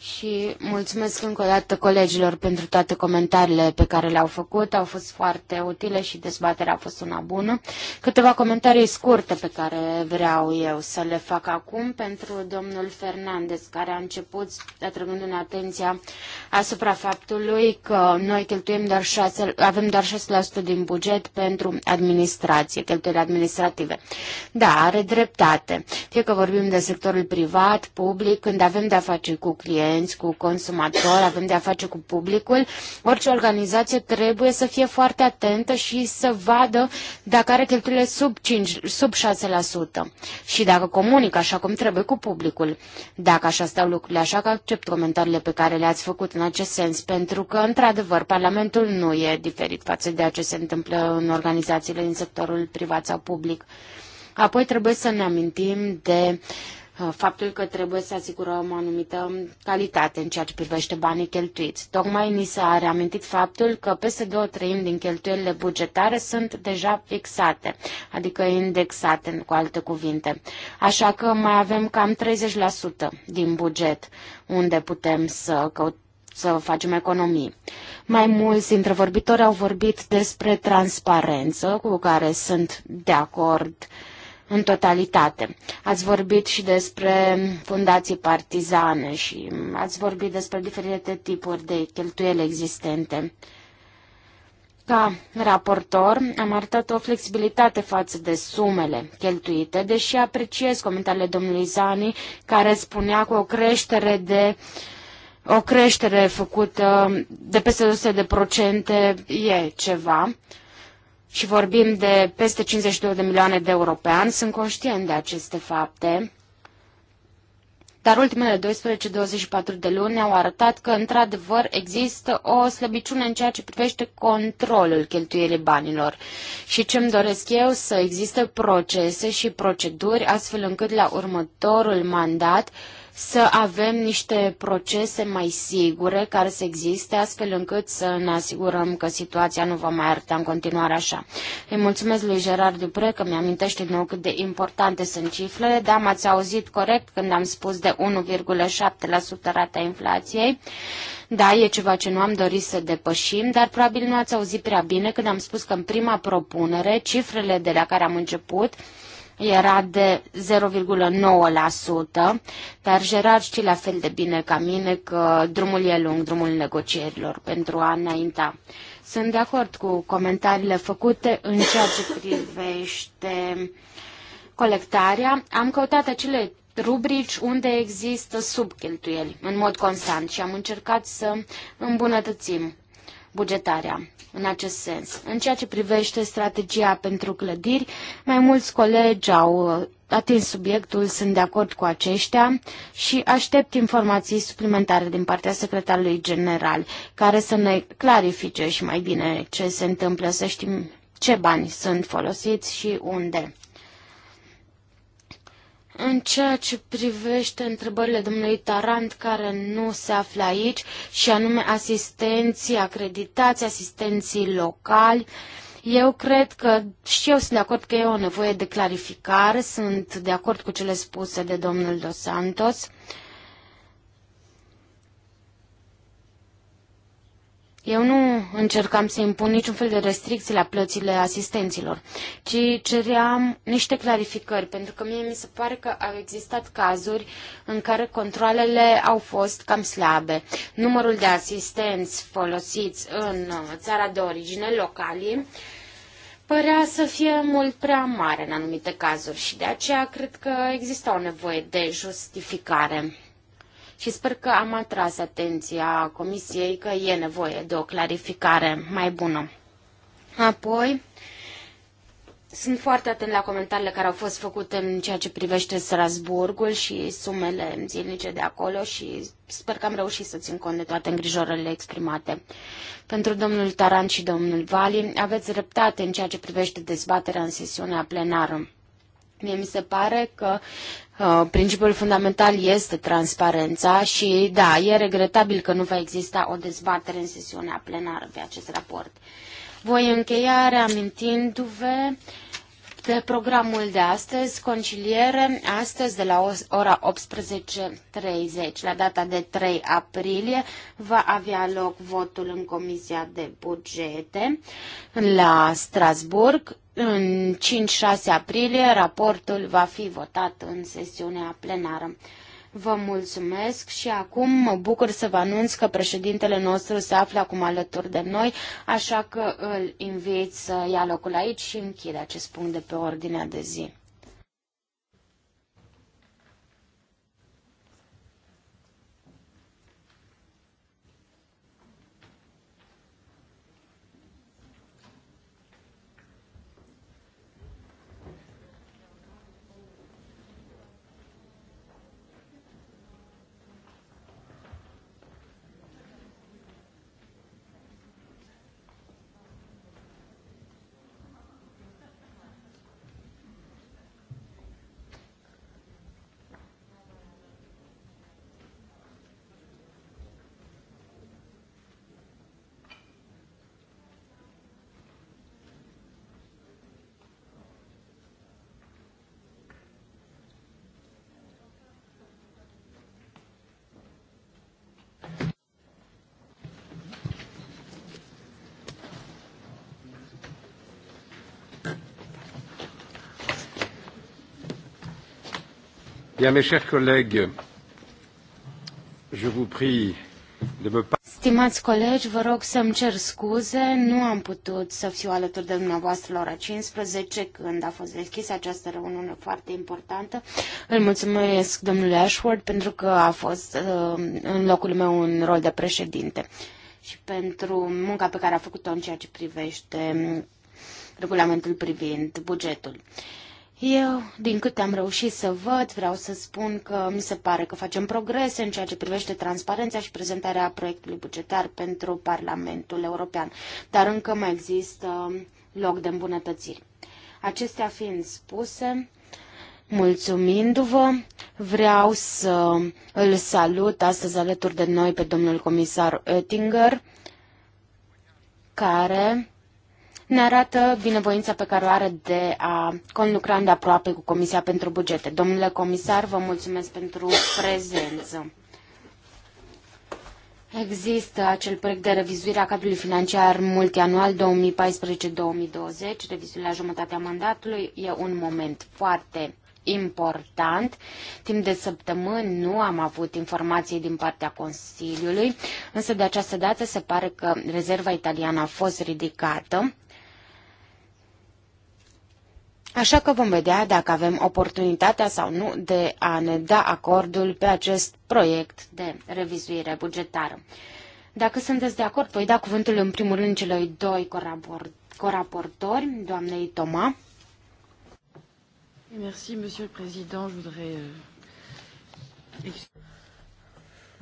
și mulțumesc încă o dată colegilor pentru toate comentariile pe care le-au făcut. Au fost foarte utile și dezbaterea a fost una bună. Câteva comentarii scurte pe care vreau eu să le fac acum pentru domnul Fernandez, care a început atrăgând ne atenția asupra faptului că noi cheltuim doar 6, avem doar 6% din buget pentru administrație, cheltuieli administrative. Da, are dreptate. Fie că vorbim de sectorul privat, public, când avem de-a face cu clienți, clienți, cu consumatori, avem de a face cu publicul, orice organizație trebuie să fie foarte atentă și să vadă dacă are cheltuielile sub, 5, sub 6% și dacă comunică așa cum trebuie cu publicul. Dacă așa stau lucrurile, așa că accept comentariile pe care le-ați făcut în acest sens, pentru că, într-adevăr, Parlamentul nu e diferit față de ce se întâmplă în organizațiile din sectorul privat sau public. Apoi trebuie să ne amintim de uh, Uh, faptul că trebuie să asigurăm o anumită calitate în ceea ce privește banii cheltuiți. Tocmai ni s-a reamintit faptul că peste două treimi din cheltuielile bugetare sunt deja fixate, adică indexate, cu alte cuvinte. Așa că mai avem cam 30% din buget unde putem să căutăm să facem economii. Mai mulți dintre vorbitori au vorbit despre transparență, cu care sunt de acord uh, în totalitate. Ați vorbit și despre fundații partizane și ați vorbit despre diferite tipuri de cheltuieli existente. Ca raportor am arătat o flexibilitate față de sumele cheltuite, deși apreciez comentariile domnului Zani, care spunea că o creștere de o creștere făcută de peste 200 de procente e ceva, și vorbim de peste 52 de milioane de europeani, sunt conștient de aceste fapte. Dar ultimele 12-24 de luni au arătat că, într-adevăr, există o slăbiciune în ceea ce privește controlul cheltuielii banilor. Și ce îmi doresc eu să existe procese și proceduri astfel încât la următorul mandat uh, să avem niște procese mai sigure care să existe, astfel încât să ne asigurăm că situația nu va mai arăta în continuare așa. Îi mulțumesc lui Gerard Dupre că mi-amintește din nou cât de importante sunt cifrele, dar m-ați auzit corect când am spus de 1,7% rata inflației. Da, e ceva ce nu am dorit să depășim, dar probabil nu ați auzit prea bine când am spus că în prima propunere, cifrele de la care am început, era de 0,9%, dar Gerard știe la fel de bine ca mine că drumul e lung, drumul negocierilor pentru a înainta. Sunt de acord cu comentariile făcute în ceea ce privește colectarea. Am căutat acele rubrici unde există subcheltuieli în mod constant și am încercat să îmbunătățim bugetarea în acest sens. În ceea ce privește strategia pentru clădiri, mai mulți colegi au atins subiectul, sunt de acord cu aceștia și aștept informații suplimentare din partea secretarului general care să ne clarifice și mai bine ce se întâmplă, să știm ce bani sunt folosiți și unde. În ceea ce privește întrebările domnului Tarant, care nu se află aici, și anume asistenții acreditați, asistenții locali, eu cred că și eu sunt de acord că e o nevoie de clarificare, sunt de acord cu cele spuse de domnul Dos Santos. Eu nu încercam să impun niciun fel de restricții la plățile asistenților, ci ceream niște clarificări, pentru că mie mi se pare că au existat cazuri în care controlele au fost cam slabe. Numărul de asistenți folosiți în uh, țara de origine, localii, părea să fie mult prea mare în anumite cazuri și de aceea cred că exista o nevoie de justificare și sper că am atras atenția Comisiei că e nevoie de o clarificare mai bună. Apoi, sunt foarte atent la comentariile care au fost făcute în ceea ce privește Strasburgul și sumele zilnice de acolo și sper că am reușit să țin cont de toate îngrijorările exprimate. Pentru domnul Taran și domnul Vali, aveți dreptate în ceea ce privește dezbaterea în sesiunea plenară. Mie mi se pare că uh, principiul fundamental este transparența și, da, e regretabil că nu va exista o dezbatere în sesiunea plenară pe acest raport. Voi încheia reamintindu-vă de programul de astăzi, conciliere, astăzi de la ora 18.30, la data de 3 aprilie, va avea loc votul în Comisia de Bugete la Strasburg. În 5-6 aprilie, raportul va fi votat în sesiunea plenară. Vă mulțumesc și acum mă bucur să vă anunț că președintele nostru se află acum alături de noi, așa că îl invit să ia locul aici și închide acest punct de pe ordinea de zi. Bien, mes chers collègues, je vous prie de me... Stimați colegi, vă rog să-mi cer scuze, nu am putut să fiu alături de dumneavoastră la ora 15 când a fost deschisă această reuniune foarte importantă. Îl mulțumesc domnului Ashford pentru că a fost uh, în locul meu un rol de președinte și pentru munca pe care a făcut-o în ceea ce privește regulamentul privind bugetul. Uh, eu, din câte am reușit să văd, vreau să spun că mi se pare că facem progrese în ceea ce privește transparența și prezentarea proiectului bugetar pentru Parlamentul European, dar încă mai există loc de îmbunătățiri. Acestea fiind spuse, mulțumindu-vă, vreau să îl salut astăzi alături de noi pe domnul comisar Oettinger, care ne arată binevoința pe care o are de a conlucra aproape cu Comisia pentru Bugete. Domnule comisar, vă mulțumesc pentru prezență. Există acel proiect de revizuire a cadrului financiar multianual 2014-2020, revizuirea jumătatea mandatului, e un moment foarte important. Timp de săptămâni nu am avut informații din partea Consiliului, însă de această dată se pare că rezerva italiană a fost ridicată. Așa că vom vedea dacă avem oportunitatea sau nu de a ne da acordul pe acest proiect de revizuire bugetară. Dacă sunteți de acord, voi da cuvântul în primul rând celor doi coraportori, doamnei Toma. Merci, Monsieur le Président. Je voudrais... Euh,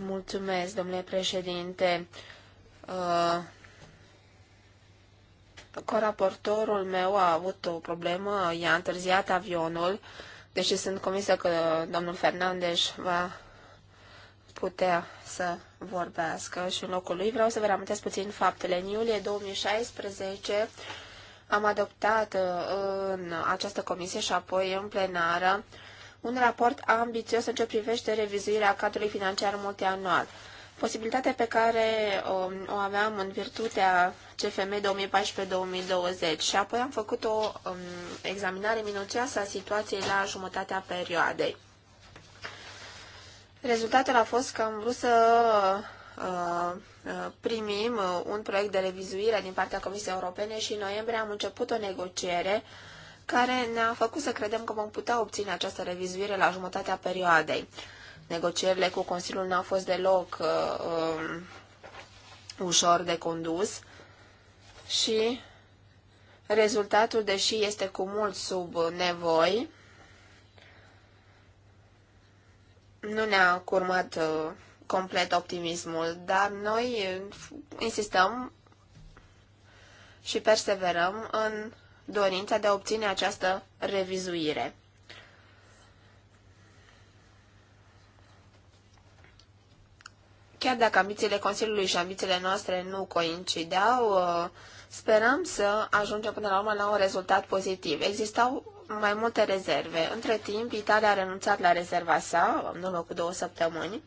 Mulțumesc, domnule președinte. Uh... Coraportorul meu a avut o problemă, i-a întârziat avionul, deși sunt convinsă că domnul Fernandez va putea să vorbească și în locul lui. Vreau să vă reamintesc puțin faptele. În iulie 2016 am adoptat uh, în această comisie și apoi în plenară un raport ambițios în ce privește revizuirea cadrului financiar multianual posibilitate pe care o, um, o aveam în virtutea CFM 2014-2020 și apoi am făcut o um, examinare minuțioasă a situației la jumătatea perioadei. Rezultatul a fost că am vrut să uh, uh primim uh, un proiect de revizuire din partea Comisiei Europene și în noiembrie am început o negociere care ne-a făcut să credem că vom putea obține această revizuire la jumătatea perioadei. Negocierile cu Consiliul n-au fost deloc uh, um, ușor de condus și rezultatul, deși este cu mult sub nevoi, nu ne-a curmat uh, complet optimismul, dar noi insistăm și perseverăm în dorința de a obține această revizuire. Chiar dacă ambițiile Consiliului și ambițiile noastre nu coincideau, uh, sperăm să ajungem până la urmă la un rezultat pozitiv. Existau mai multe rezerve. Între timp, Italia a renunțat la rezerva sa, în urmă cu două săptămâni,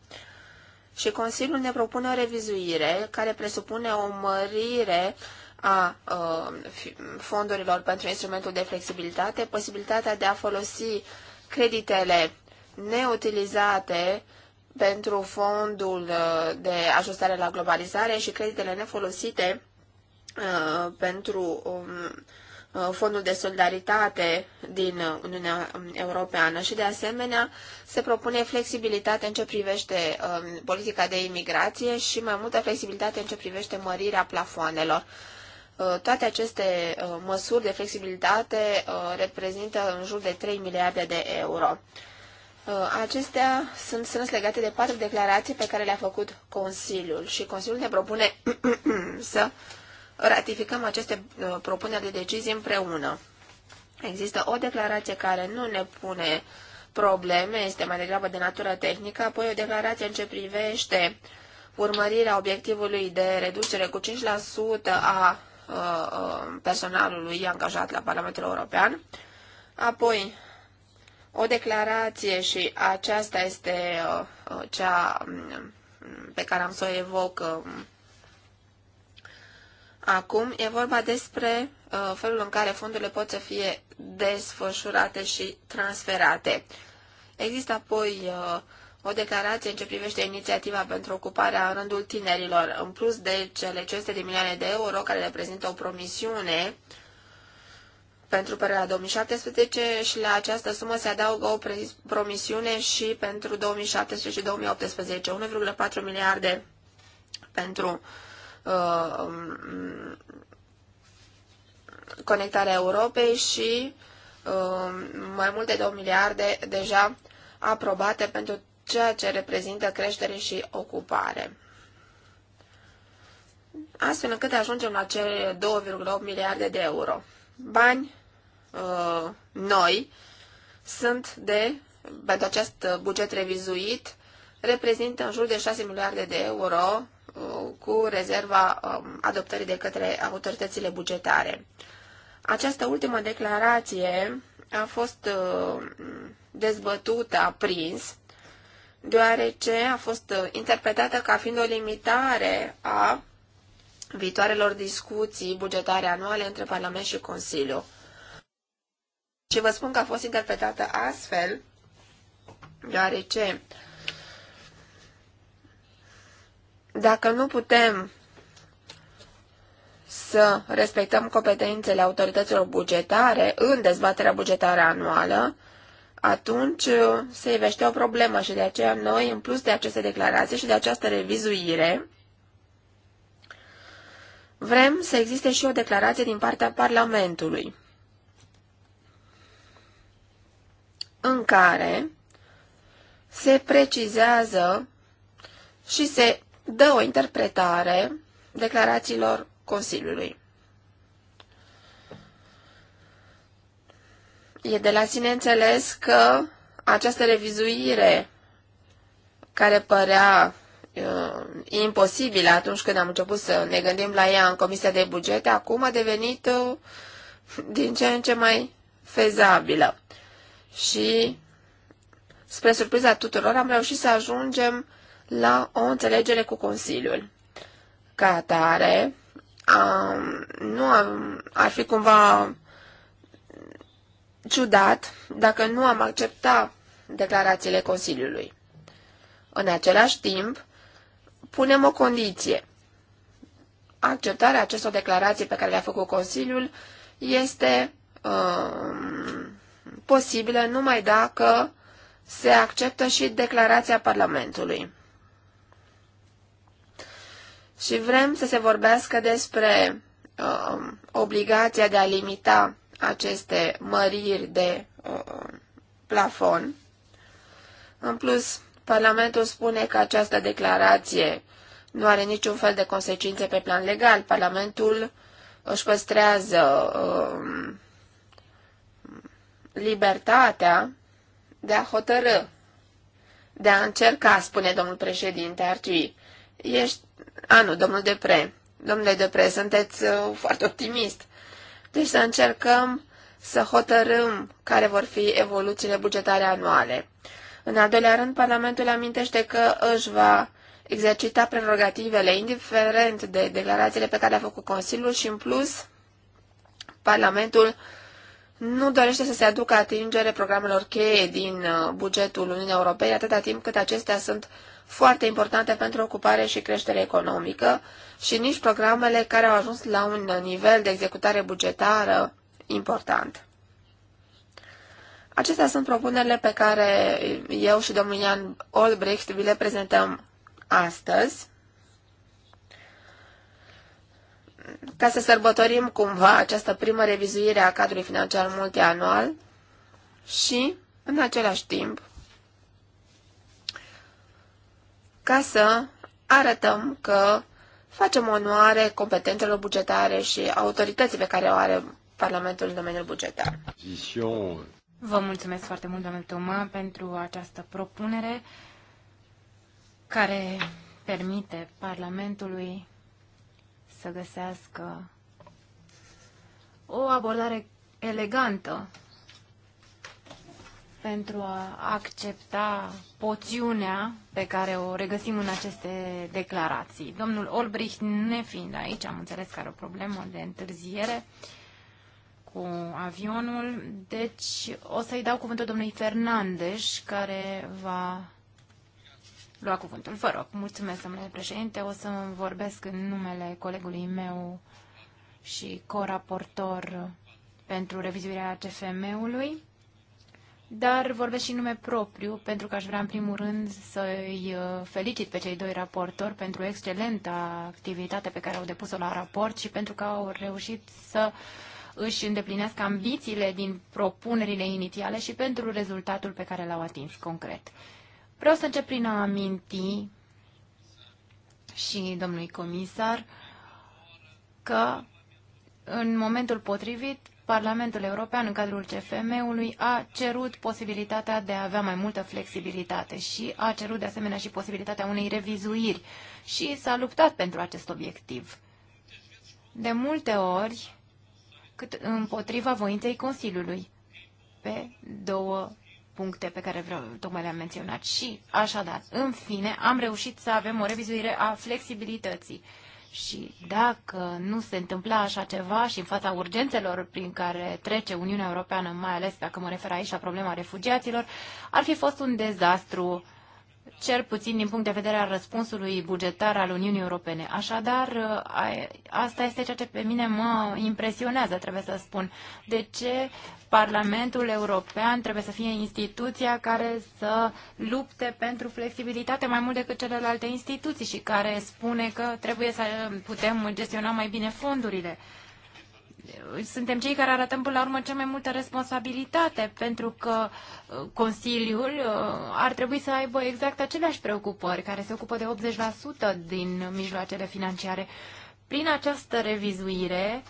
și Consiliul ne propune o revizuire care presupune o mărire a uh, fondurilor pentru instrumentul de flexibilitate, posibilitatea de a folosi creditele neutilizate pentru fondul uh, de ajustare la globalizare și creditele nefolosite uh, pentru um, uh, fondul de solidaritate din Uniunea um, Europeană și de asemenea se propune flexibilitate în ce privește um, politica de imigrație și mai multă flexibilitate în ce privește mărirea plafoanelor. Toate aceste măsuri de flexibilitate reprezintă în jur de 3 miliarde de euro. Uh, acestea sunt strâns legate de patru declarații pe care le-a făcut Consiliul și Consiliul ne propune să ratificăm aceste uh, propuneri de decizii împreună. Există o declarație care nu ne pune probleme, este mai degrabă de natură tehnică, apoi o declarație în ce privește urmărirea obiectivului de reducere cu 5% a uh, personalului angajat la Parlamentul European, apoi o declarație și aceasta este uh, uh, cea um, pe care am să o evoc um, acum. E vorba despre uh, felul în care fondurile pot să fie desfășurate și transferate. Există apoi o declarație în ce privește inițiativa pentru ocuparea în rândul tinerilor, în plus de cele 500 de milioane de euro care reprezintă o promisiune uh, pentru perioada 2017 și la această sumă se adaugă o promisiune și pentru 2017 și 2018, 1,4 miliarde pentru uh, conectarea Europei și uh, mai multe 2 miliarde deja aprobate pentru ceea ce reprezintă creștere și ocupare. Astfel încât ajungem la cele 2,8 miliarde de euro. Bani Uh, noi sunt de, pentru acest buget revizuit, reprezintă în jur de 6 miliarde de euro uh, cu rezerva um, adoptării de către autoritățile bugetare. Această ultimă declarație a fost uh, dezbătută, aprins, deoarece a fost interpretată ca fiind o limitare a viitoarelor discuții bugetare anuale între Parlament și Consiliu. Și vă spun că a fost interpretată astfel, deoarece dacă nu putem să respectăm competențele autorităților bugetare în dezbaterea bugetară anuală, atunci uh, se ivește o problemă și de aceea noi, în plus de aceste declarații și de această revizuire, vrem să existe și o declarație din partea Parlamentului. în care se precizează și se dă o interpretare declarațiilor Consiliului. E de la sine înțeles că această revizuire care părea uh, imposibilă atunci când am început să ne gândim la ea în Comisia de Bugete, acum a devenit uh, din ce în ce mai fezabilă și, spre surpriza tuturor, am reușit să ajungem la o înțelegere cu Consiliul. Ca atare, um, nu am, ar fi cumva ciudat dacă nu am accepta declarațiile Consiliului. În același timp, punem o condiție. Acceptarea acestor declarații pe care le-a făcut Consiliul este um, posibilă numai dacă se acceptă și declarația Parlamentului. Și vrem să se vorbească despre uh, obligația de a limita aceste măriri de uh, plafon. În plus, Parlamentul spune că această declarație nu are niciun fel de consecințe pe plan legal. Parlamentul își păstrează uh, libertatea de a hotărâ, de a încerca, spune domnul președinte Arciui. Ești... A, nu, domnul Depre. Domnule Depre, sunteți uh, foarte optimist. Deci să încercăm să hotărâm care vor fi evoluțiile bugetare anuale. În al doilea rând, Parlamentul amintește că își va exercita prerogativele, indiferent de declarațiile pe care le-a făcut Consiliul și, în plus, Parlamentul nu dorește să se aducă atingere programelor cheie din uh, bugetul Uniunii Europene atâta timp cât acestea sunt foarte importante pentru ocupare și creștere economică și nici programele care au ajuns la un nivel de executare bugetară important. Acestea sunt propunerile pe care eu și domnul Ian Olbricht vi le prezentăm astăzi. ca să sărbătorim cumva această primă revizuire a cadrului financiar multianual și, în același timp, ca să arătăm că facem onoare competențelor bugetare și autorității pe care o are Parlamentul în domeniul bugetar. Vă mulțumesc foarte mult, domnul Toma, pentru această propunere care permite Parlamentului să găsească o abordare elegantă pentru a accepta poțiunea pe care o regăsim în aceste declarații. Domnul Olbricht, nefiind aici, am înțeles că are o problemă de întârziere cu avionul, deci o să-i dau cuvântul domnului Fernandes, care va lua cuvântul. Vă rog, mulțumesc, domnule președinte. O să vorbesc în numele colegului meu și coraportor pentru revizuirea CFM-ului, dar vorbesc și în nume propriu, pentru că aș vrea în primul rând să-i uh, felicit pe cei doi raportori pentru excelenta activitate pe care au depus-o la raport și pentru că au reușit să își îndeplinească ambițiile din propunerile inițiale și pentru rezultatul pe care l-au atins concret. Vreau să încep prin a aminti și domnului comisar că în momentul potrivit Parlamentul European în cadrul CFM-ului a cerut posibilitatea de a avea mai multă flexibilitate și a cerut de asemenea și posibilitatea unei revizuiri și s-a luptat pentru acest obiectiv. De multe ori, cât împotriva voinței Consiliului, pe două puncte pe care vreau, tocmai le-am menționat. Și, așadar, în fine, am reușit să avem o revizuire a flexibilității. Și dacă nu se întâmpla așa ceva și în fața urgențelor prin care trece Uniunea Europeană, mai ales dacă mă refer aici la problema refugiaților, ar fi fost un dezastru uh, cel puțin din punct de vedere al răspunsului bugetar al Uniunii Europene. Așadar, asta este ceea ce pe mine mă impresionează, trebuie să spun. De ce Parlamentul European trebuie să fie instituția care să lupte pentru flexibilitate mai mult decât celelalte instituții și care spune că trebuie să putem gestiona mai bine fondurile? suntem cei care arătăm până la urmă cea mai multă responsabilitate, pentru că uh, Consiliul uh, ar trebui să aibă exact aceleași preocupări, care se ocupă de 80% din mijloacele financiare. Prin această revizuire,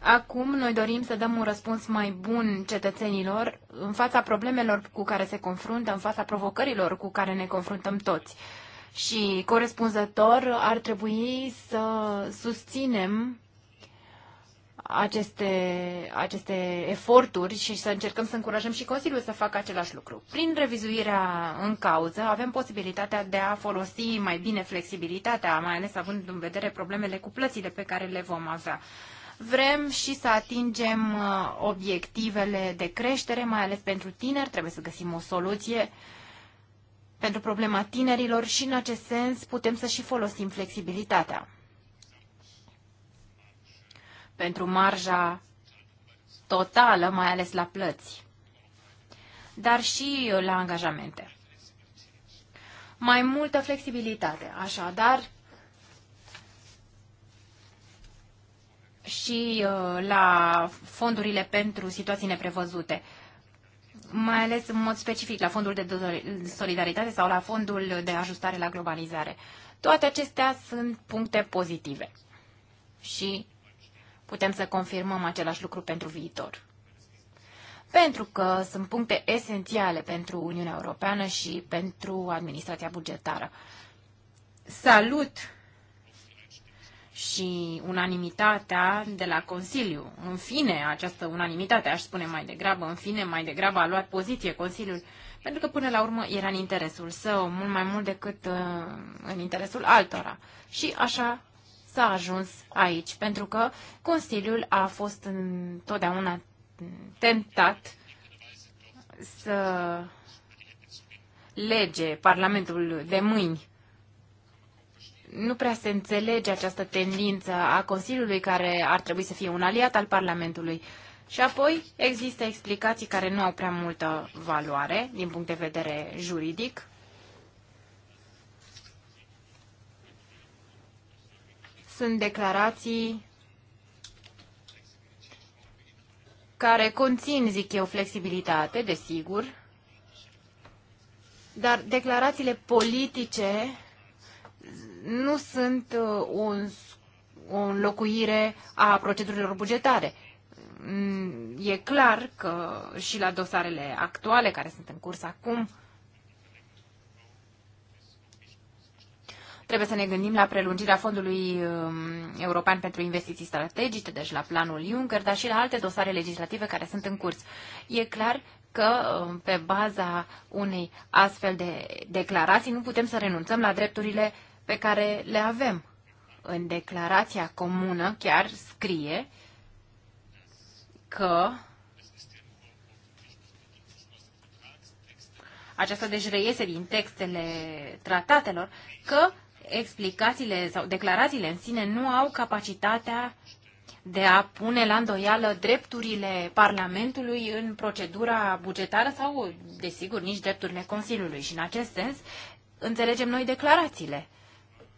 Acum noi dorim să dăm un răspuns mai bun cetățenilor în fața problemelor cu care se confruntă, în fața provocărilor cu care ne confruntăm toți și corespunzător ar trebui să susținem aceste, aceste eforturi și să încercăm să încurajăm și Consiliul să facă același lucru. Prin revizuirea în cauză avem posibilitatea de a folosi mai bine flexibilitatea, mai ales având în vedere problemele cu plățile pe care le vom avea. Vrem și să atingem uh, obiectivele de creștere, mai ales pentru tineri, trebuie să găsim o soluție uh, pentru problema tinerilor și, în acest sens, putem să și folosim flexibilitatea. Pentru marja totală, mai ales la plăți, dar și la angajamente. Mai multă flexibilitate, așadar, și uh, la fondurile pentru situații neprevăzute mai ales în mod specific la fondul de solidaritate sau la fondul de ajustare la globalizare. Toate acestea sunt puncte pozitive și putem să confirmăm același lucru pentru viitor. Pentru că sunt puncte esențiale pentru Uniunea Europeană și pentru administrația bugetară. Salut și unanimitatea de la Consiliu. În fine, această unanimitate, aș spune mai degrabă, în fine, mai degrabă a luat poziție Consiliul, pentru că până la urmă era în interesul său, mult mai mult decât uh, în interesul altora. Și așa s-a ajuns aici, pentru că Consiliul a fost întotdeauna tentat să lege Parlamentul de mâini nu prea se înțelege această tendință a Consiliului, care ar trebui să fie un aliat al Parlamentului. Și apoi există explicații care nu au prea multă valoare din punct de vedere juridic. Sunt declarații care conțin, zic eu, flexibilitate, desigur, dar declarațiile politice nu sunt uh, un, o înlocuire a procedurilor bugetare. Mm, e clar că și la dosarele actuale care sunt în curs acum, trebuie să ne gândim la prelungirea Fondului um, European pentru Investiții Strategice, deci la planul Juncker, dar și la alte dosare legislative care sunt în curs. E clar că um, pe baza unei astfel de declarații nu putem să renunțăm la drepturile uh, pe care le avem. În declarația comună chiar scrie că aceasta deci reiese din textele tratatelor, că explicațiile sau declarațiile în sine nu au capacitatea de a pune la îndoială drepturile Parlamentului în procedura bugetară sau, desigur, nici drepturile Consiliului. Și în acest sens înțelegem noi declarațiile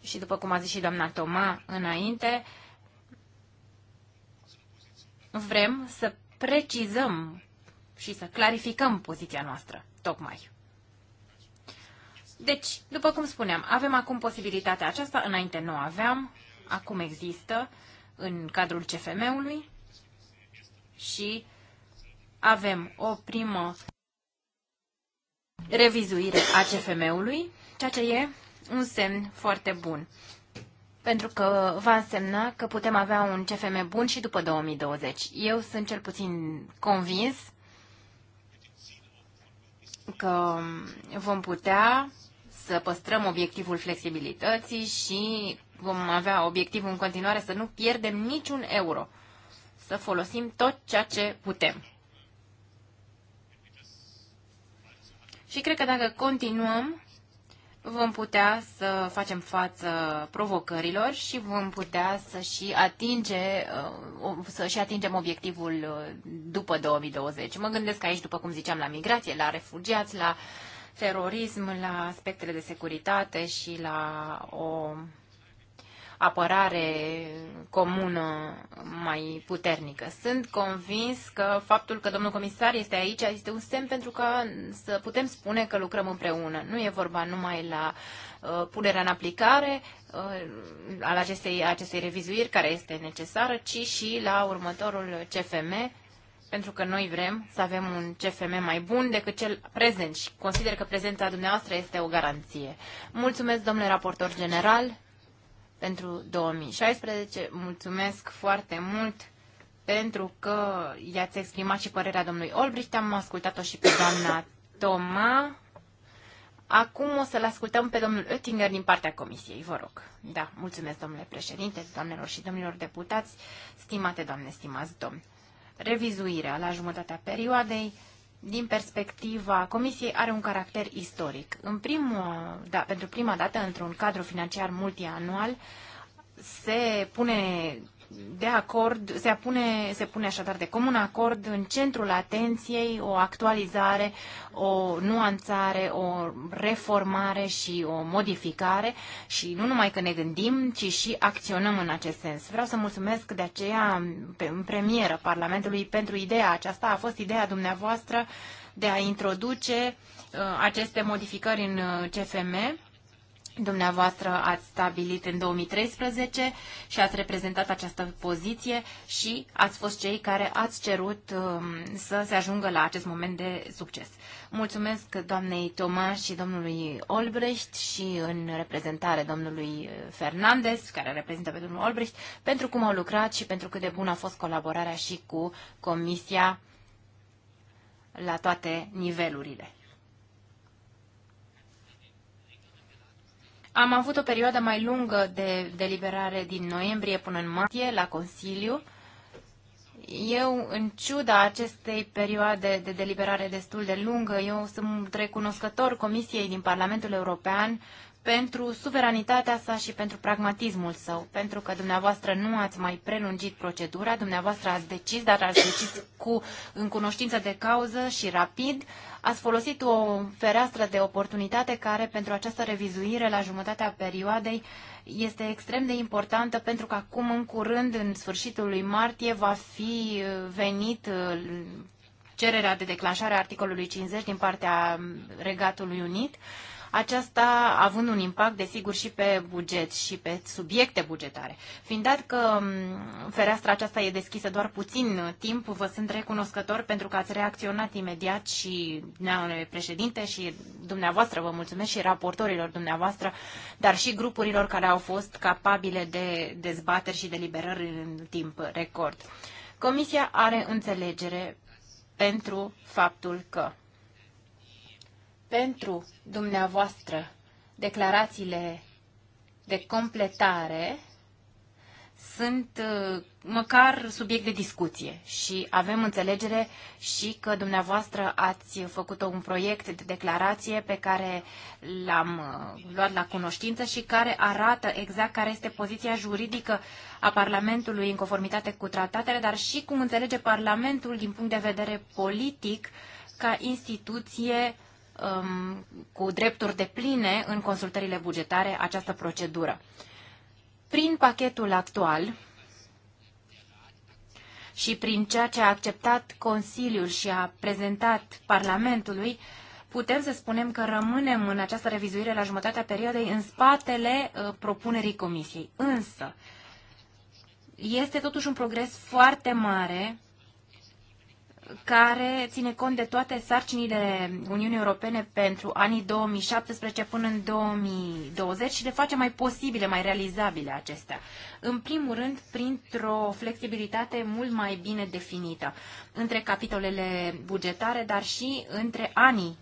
și după cum a zis și doamna Toma înainte, vrem să precizăm și să clarificăm poziția noastră, tocmai. Deci, după cum spuneam, avem acum posibilitatea aceasta, înainte nu aveam, acum există în cadrul CFM-ului și avem o primă revizuire a CFM-ului, ceea ce e un semn foarte bun. Pentru că va însemna că putem avea un CFM bun și după 2020. Eu sunt cel puțin convins că vom putea să păstrăm obiectivul flexibilității și vom avea obiectivul în continuare să nu pierdem niciun euro, să folosim tot ceea ce putem. Și cred că dacă continuăm vom putea să facem față provocărilor și vom putea să și, atinge, uh, să și atingem obiectivul uh, după 2020. Mă gândesc aici, după cum ziceam, la migrație, la refugiați, la terorism, la aspectele de securitate și la o apărare comună mai puternică. Sunt convins că faptul că domnul comisar este aici este un semn pentru că să putem spune că lucrăm împreună. Nu e vorba numai la uh, punerea în aplicare uh, al acestei, acestei revizuiri care este necesară, ci și la următorul CFM pentru că noi vrem să avem un CFM mai bun decât cel prezent și consider că prezența dumneavoastră este o garanție. Mulțumesc, domnule raportor general pentru 2016. Mulțumesc foarte mult pentru că i-ați exprimat și părerea domnului Olbricht. Am ascultat-o și pe doamna Toma. Acum o să-l ascultăm pe domnul Oettinger din partea comisiei, vă rog. Da, mulțumesc, domnule președinte, doamnelor și domnilor deputați, stimate doamne, stimați domni. Revizuirea la jumătatea perioadei din perspectiva Comisiei, are un caracter istoric. În primul, da, pentru prima dată, într-un cadru financiar multianual, se pune de acord, se pune, se pune așadar de comun acord în centrul atenției o actualizare, o nuanțare, o reformare și o modificare și nu numai că ne gândim, ci și acționăm în acest sens. Vreau să mulțumesc de aceea în premieră Parlamentului pentru ideea aceasta. A fost ideea dumneavoastră de a introduce uh, aceste modificări în uh, CFM Dumneavoastră ați stabilit în 2013 și ați reprezentat această poziție și ați fost cei care ați cerut um, să se ajungă la acest moment de succes. Mulțumesc doamnei Toma și domnului Olbrecht și în reprezentare domnului uh, Fernandez, care reprezintă pe domnul Olbrecht, pentru cum au lucrat și pentru cât de bună a fost colaborarea și cu Comisia la toate nivelurile. Am avut o perioadă mai lungă de deliberare din noiembrie până în martie la Consiliu. Eu, în ciuda acestei perioade de deliberare destul de lungă, eu sunt recunoscător Comisiei din Parlamentul European pentru suveranitatea sa și pentru pragmatismul său, pentru că dumneavoastră nu ați mai prelungit procedura, dumneavoastră ați decis, dar ați decis cu în cunoștință de cauză și rapid. Ați folosit o fereastră de oportunitate care pentru această revizuire la jumătatea perioadei este extrem de importantă pentru că acum în curând, în sfârșitul lui martie, va fi uh, venit uh, cererea de declanșare a articolului 50 din partea um, Regatului Unit aceasta având un impact, desigur, și pe buget și pe subiecte bugetare. Fiind dat că fereastra aceasta e deschisă doar puțin timp, vă sunt recunoscător pentru că ați reacționat imediat și domnule președinte și dumneavoastră vă mulțumesc și raportorilor dumneavoastră, dar și grupurilor care au fost capabile de dezbateri și deliberări în timp record. Comisia are înțelegere pentru faptul că pentru dumneavoastră declarațiile de completare sunt uh, măcar subiect de discuție și avem înțelegere și că dumneavoastră ați făcut un proiect de declarație pe care l-am uh, luat la cunoștință și care arată exact care este poziția juridică a Parlamentului în conformitate cu tratatele, dar și cum înțelege Parlamentul din punct de vedere politic ca instituție uh, um, cu drepturi de pline în consultările bugetare această procedură. Prin pachetul actual și prin ceea ce a acceptat Consiliul și a prezentat Parlamentului, putem să spunem că rămânem în această revizuire la jumătatea perioadei în spatele uh, propunerii Comisiei. Însă, este totuși un progres foarte mare care ține cont de toate sarcinile Uniunii Europene pentru anii 2017 până în 2020 și le face mai posibile, mai realizabile acestea. În primul rând, printr-o flexibilitate mult mai bine definită între capitolele bugetare, dar și între anii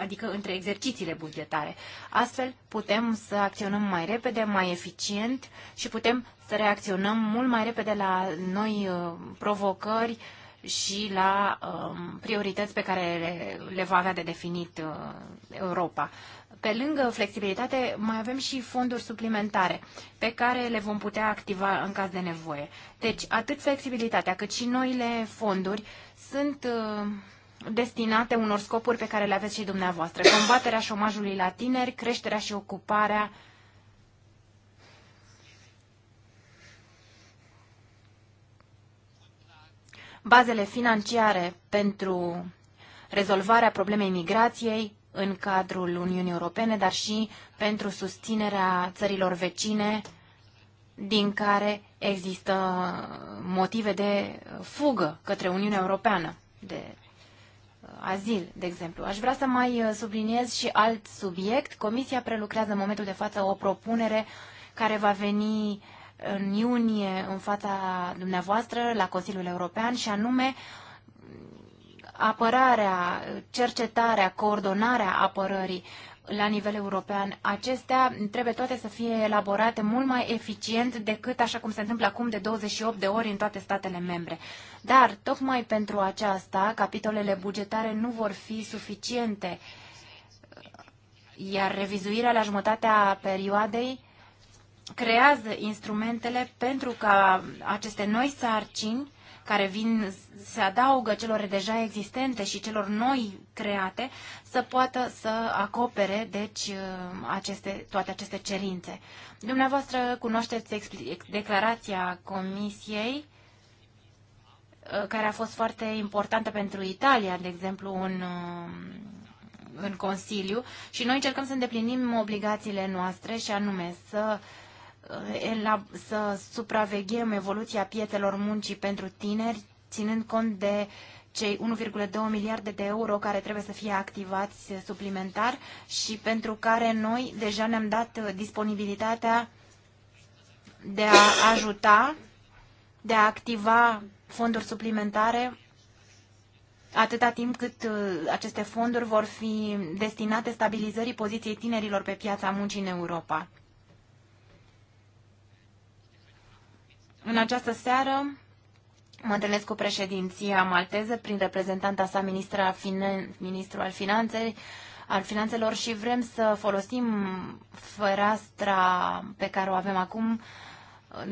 adică între exercițiile bugetare. Astfel putem să acționăm mai repede, mai eficient și putem să reacționăm mult mai repede la noi uh, provocări și la um, priorități pe care le, le va avea de definit uh, Europa. Pe lângă flexibilitate, mai avem și fonduri suplimentare pe care le vom putea activa în caz de nevoie. Deci, atât flexibilitatea cât și noile fonduri sunt uh, destinate unor scopuri pe care le aveți și dumneavoastră. Combaterea șomajului la tineri, creșterea și ocuparea uh, bazele financiare pentru rezolvarea problemei migrației în cadrul Uniunii Europene, dar și pentru susținerea țărilor vecine din care există motive de fugă către Uniunea Europeană, de uh, azil, de exemplu. Aș vrea să mai uh, subliniez și alt subiect. Comisia prelucrează în momentul de față o propunere care va veni în iunie în fața dumneavoastră la Consiliul European și anume apărarea, cercetarea, coordonarea apărării la nivel european. Acestea trebuie toate să fie elaborate mult mai eficient decât așa cum se întâmplă acum de 28 de ori în toate statele membre. Dar tocmai pentru aceasta, capitolele bugetare nu vor fi suficiente, iar revizuirea la jumătatea perioadei creează instrumentele pentru ca aceste noi sarcini care vin, se adaugă celor deja existente și celor noi create, să poată să acopere, deci, uh, aceste, toate aceste cerințe. Dumneavoastră cunoașteți declarația Comisiei, uh, care a fost foarte importantă pentru Italia, de exemplu, în, uh, în Consiliu, și noi încercăm să îndeplinim obligațiile noastre, și anume să uh, Uh, să supraveghem evoluția piețelor muncii pentru tineri, ținând cont de cei 1,2 miliarde de euro care trebuie să fie activați suplimentar și pentru care noi deja ne-am dat disponibilitatea de a ajuta, de a activa fonduri suplimentare atâta timp cât uh, aceste fonduri vor fi destinate stabilizării poziției tinerilor pe piața muncii în Europa. În această seară mă întâlnesc cu președinția malteză prin reprezentanta sa ministra, al, al finanței, al finanțelor și vrem să folosim fereastra pe care o avem acum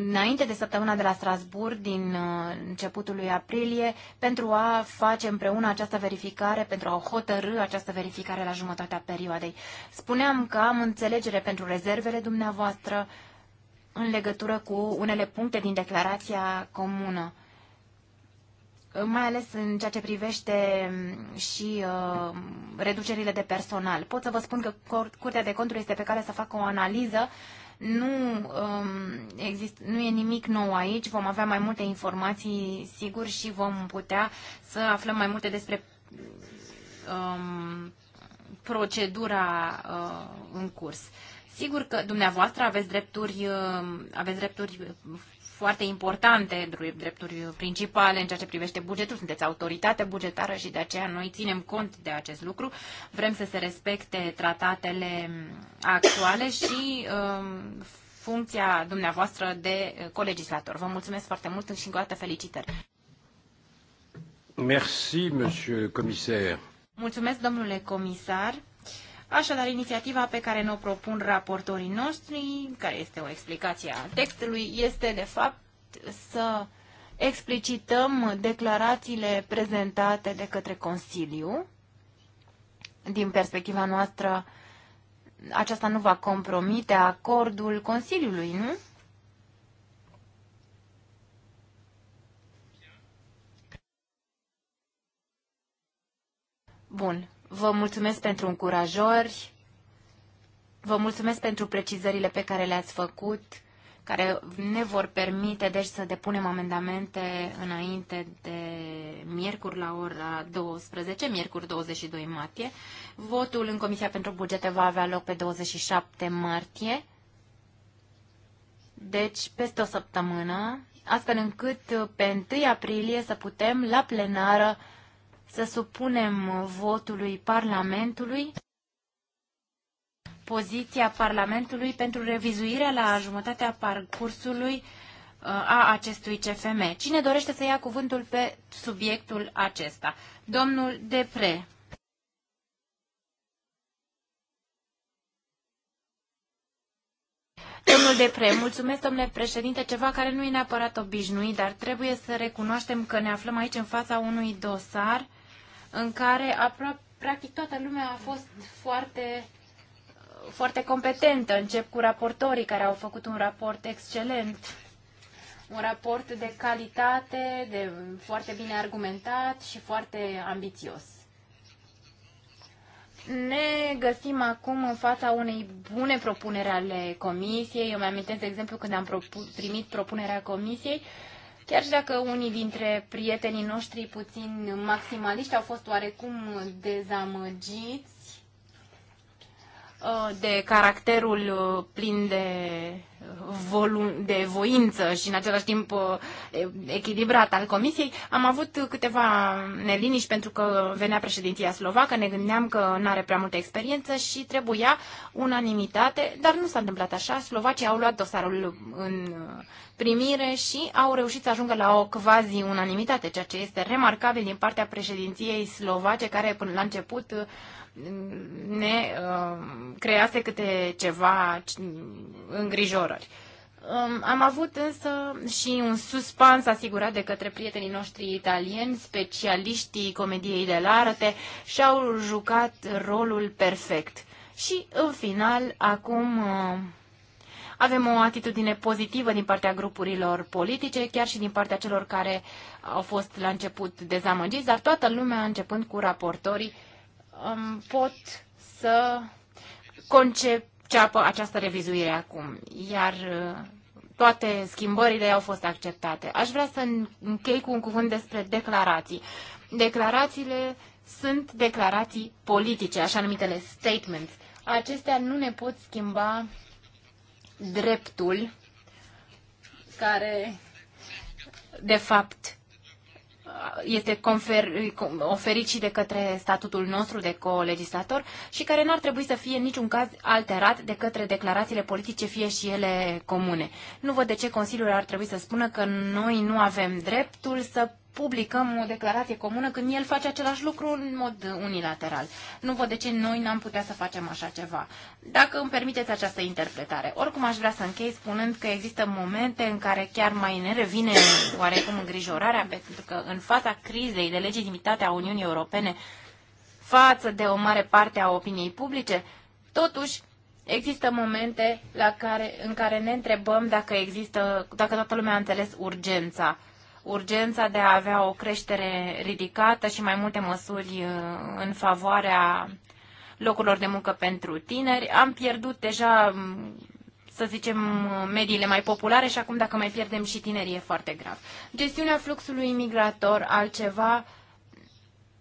înainte de săptămâna de la Strasburg din uh, începutul lui aprilie pentru a face împreună această verificare, pentru a hotărâ această verificare la jumătatea perioadei. Spuneam că am înțelegere pentru rezervele dumneavoastră în legătură cu unele puncte din declarația comună, mai ales în ceea ce privește mm, și uh, reducerile de personal. Pot să vă spun că Curtea de Conturi este pe care să facă o analiză. Nu, um, exist, nu e nimic nou aici, vom avea mai multe informații, sigur, și vom putea să aflăm mai multe despre um, procedura uh, în curs. Sigur că dumneavoastră aveți drepturi, uh, aveți drepturi foarte importante, drepturi principale în ceea ce privește bugetul. Sunteți autoritate bugetară și de aceea noi ținem cont de acest lucru. Vrem să se respecte tratatele actuale și um, funcția dumneavoastră de colegislator. Vă mulțumesc foarte mult și încă o dată felicitări. Merci, monsieur Mulțumesc, domnule comisar. Așadar, inițiativa pe care ne-o propun raportorii noștri, care este o explicație a textului, este de fapt să explicităm declarațiile prezentate de către Consiliu. Din perspectiva noastră, aceasta nu va compromite acordul Consiliului, nu? Bun. Vă mulțumesc pentru încurajări, vă mulțumesc pentru precizările pe care le-ați făcut, care ne vor permite deci să depunem amendamente înainte de miercuri la ora 12, miercuri 22 martie. Votul în Comisia pentru Bugete va avea loc pe 27 martie. Deci, peste o săptămână, astfel încât pe 1 aprilie să putem, la plenară, să supunem votului Parlamentului poziția Parlamentului pentru revizuirea la jumătatea parcursului uh, a acestui CFM. Cine dorește să ia cuvântul pe subiectul acesta? Domnul Depre. Domnul Depre, mulțumesc, domnule președinte, ceva care nu e neapărat obișnuit, dar trebuie să recunoaștem că ne aflăm aici în fața unui dosar în care aproape, practic toată lumea a fost foarte, foarte competentă. Încep cu raportorii care au făcut un raport excelent, un raport de calitate, de foarte bine argumentat și foarte ambițios. Ne găsim acum în fața unei bune propuneri ale comisiei. Eu mi am de exemplu, când am propu- primit propunerea comisiei, uh, Chiar și dacă unii dintre prietenii noștri puțin maximaliști au fost oarecum dezamăgiți, Uh, de caracterul uh, plin de, uh, volu- de voință și în același timp echilibrat al Comisiei, am avut câteva neliniști pentru că venea președinția slovacă, ne gândeam că nu are prea multă experiență și trebuia unanimitate, dar nu s-a întâmplat așa. Slovacii au luat dosarul în primire și au reușit să ajungă la o quasi unanimitate, ceea ce este remarcabil din partea președinției slovace, care până la început ne uh, crease câte ceva îngrijorări. Um, am avut însă și un suspans asigurat de către prietenii noștri italieni, specialiștii comediei de la arte, și-au jucat rolul perfect. Și, în final, acum uh, avem o atitudine pozitivă din partea grupurilor politice, chiar și din partea celor care au fost la început dezamăgiți, dar toată lumea, începând cu raportorii, um, pot să conceapă această revizuire acum, iar uh, toate schimbările au fost acceptate. Aș vrea să închei cu un cuvânt despre declarații. Declarațiile sunt declarații politice, așa numitele statements. Acestea nu ne pot schimba dreptul care, de fapt, este confer, oferit și de către statutul nostru de colegislator și care n-ar trebui să fie în niciun caz alterat de către declarațiile politice, fie și ele comune. Nu văd de ce Consiliul ar trebui să spună că noi nu avem dreptul să publicăm o declarație comună când el face același lucru în mod unilateral. Nu văd de ce noi n-am putea să facem așa ceva. Dacă îmi permiteți această interpretare. Oricum aș vrea să închei spunând că există momente în care chiar mai ne revine oarecum îngrijorarea, pentru că în fața crizei de legitimitate a Uniunii Europene față de o mare parte a opiniei publice, totuși Există momente la care, în care ne întrebăm dacă există, dacă toată lumea a înțeles urgența urgența de a avea o creștere ridicată și mai multe măsuri uh, în favoarea locurilor de muncă pentru tineri. Am pierdut deja, mm, să zicem, mediile mai populare și acum dacă mai pierdem și tinerii e foarte grav. Gestiunea fluxului migrator, altceva,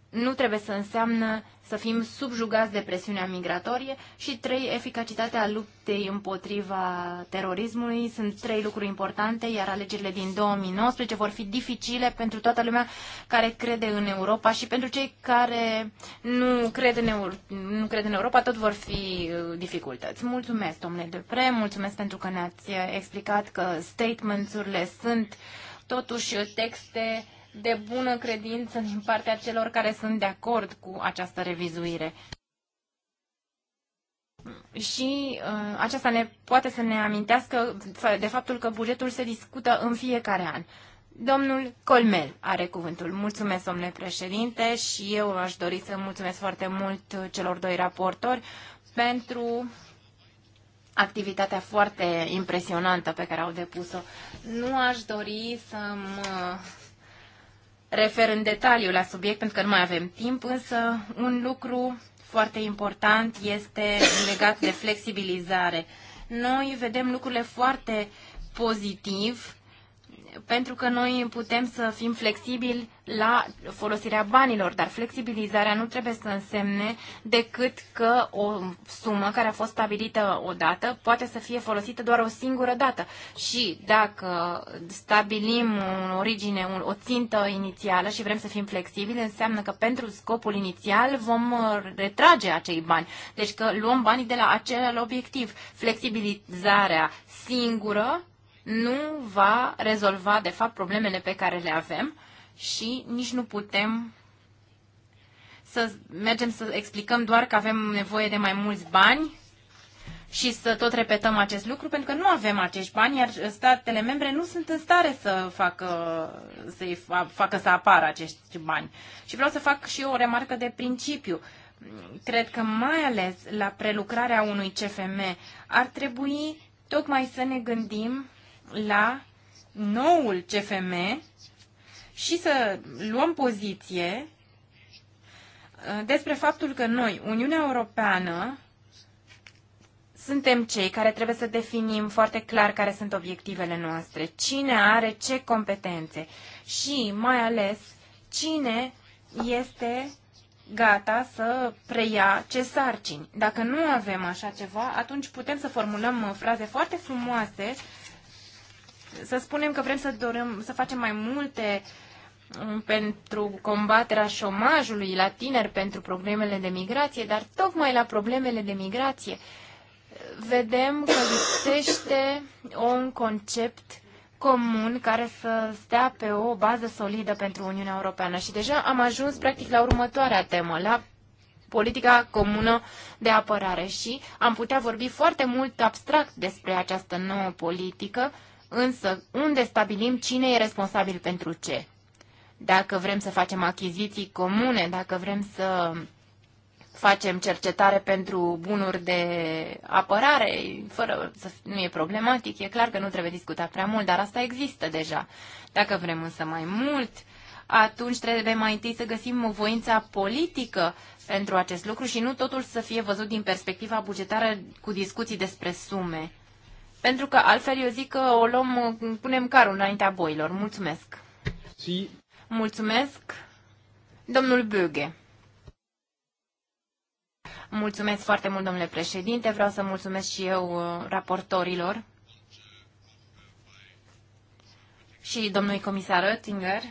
nu trebuie să înseamnă să fim subjugați de presiunea migratorie și trei, eficacitatea luptei împotriva terorismului. Sunt trei lucruri importante, iar alegerile din 2019 vor fi dificile pentru toată lumea care crede în Europa și pentru cei care nu cred în, Euro- nu cred în Europa, tot vor fi uh, dificultăți. Mulțumesc, domnule Depre, mulțumesc pentru că ne-ați explicat că statements-urile sunt totuși texte de bună credință din partea celor care sunt de acord cu această revizuire. Și uh, aceasta ne poate să ne amintească de faptul că bugetul se discută în fiecare an. Domnul Colmel are cuvântul. Mulțumesc, domnule președinte, și eu aș dori să mulțumesc foarte mult celor doi raportori pentru activitatea foarte impresionantă pe care au depus-o. Nu aș dori să mă refer în detaliu la subiect pentru că nu mai avem timp, însă un lucru foarte important este legat de flexibilizare. Noi vedem lucrurile foarte pozitiv pentru că noi putem să fim flexibili la folosirea banilor, dar flexibilizarea nu trebuie să însemne decât că o sumă care a fost stabilită odată poate să fie folosită doar o singură dată. Și dacă stabilim o origine, o țintă inițială și vrem să fim flexibili, înseamnă că pentru scopul inițial vom retrage acei bani. Deci că luăm banii de la acel obiectiv. Flexibilizarea singură nu va rezolva, de fapt, problemele pe care le avem și nici nu putem să mergem să explicăm doar că avem nevoie de mai mulți bani și să tot repetăm acest lucru, pentru că nu avem acești bani, iar statele membre nu sunt în stare să facă să, facă să apară acești bani. Și vreau să fac și eu o remarcă de principiu. Cred că mai ales la prelucrarea unui CFM ar trebui tocmai să ne gândim la noul CFM și să luăm poziție uh, despre faptul că noi, Uniunea Europeană, suntem cei care trebuie să definim foarte clar care sunt obiectivele noastre, cine are ce competențe și mai ales cine este gata să preia ce sarcini. Dacă nu avem așa ceva, atunci putem să formulăm uh, fraze foarte frumoase să spunem că vrem să dorim să facem mai multe um, pentru combaterea șomajului la tineri, pentru problemele de migrație, dar tocmai la problemele de migrație vedem că lipsește un concept comun care să stea pe o bază solidă pentru Uniunea Europeană. Și deja am ajuns practic la următoarea temă, la politica comună de apărare și am putea vorbi foarte mult abstract despre această nouă politică, Însă, unde stabilim cine e responsabil pentru ce? Dacă vrem să facem achiziții comune, dacă vrem să facem cercetare pentru bunuri de apărare, fără să nu e problematic, e clar că nu trebuie discutat prea mult, dar asta există deja. Dacă vrem însă mai mult, atunci trebuie mai întâi să găsim voința politică pentru acest lucru și nu totul să fie văzut din perspectiva bugetară cu discuții despre sume pentru că altfel eu zic că o luăm, punem carul înaintea boilor. Mulțumesc! Si. Mulțumesc! Domnul Böge. Mulțumesc foarte mult, domnule președinte. Vreau să mulțumesc și eu uh, raportorilor și domnului comisar Oettinger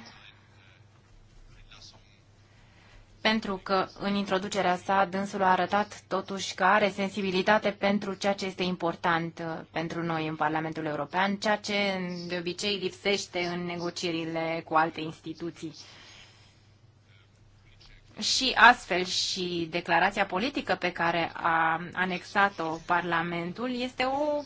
pentru că în introducerea sa dânsul a arătat totuși că are sensibilitate pentru ceea ce este important uh, pentru noi în Parlamentul European, ceea ce de obicei lipsește în negocierile cu alte instituții. Și astfel și declarația politică pe care a anexat-o Parlamentul este o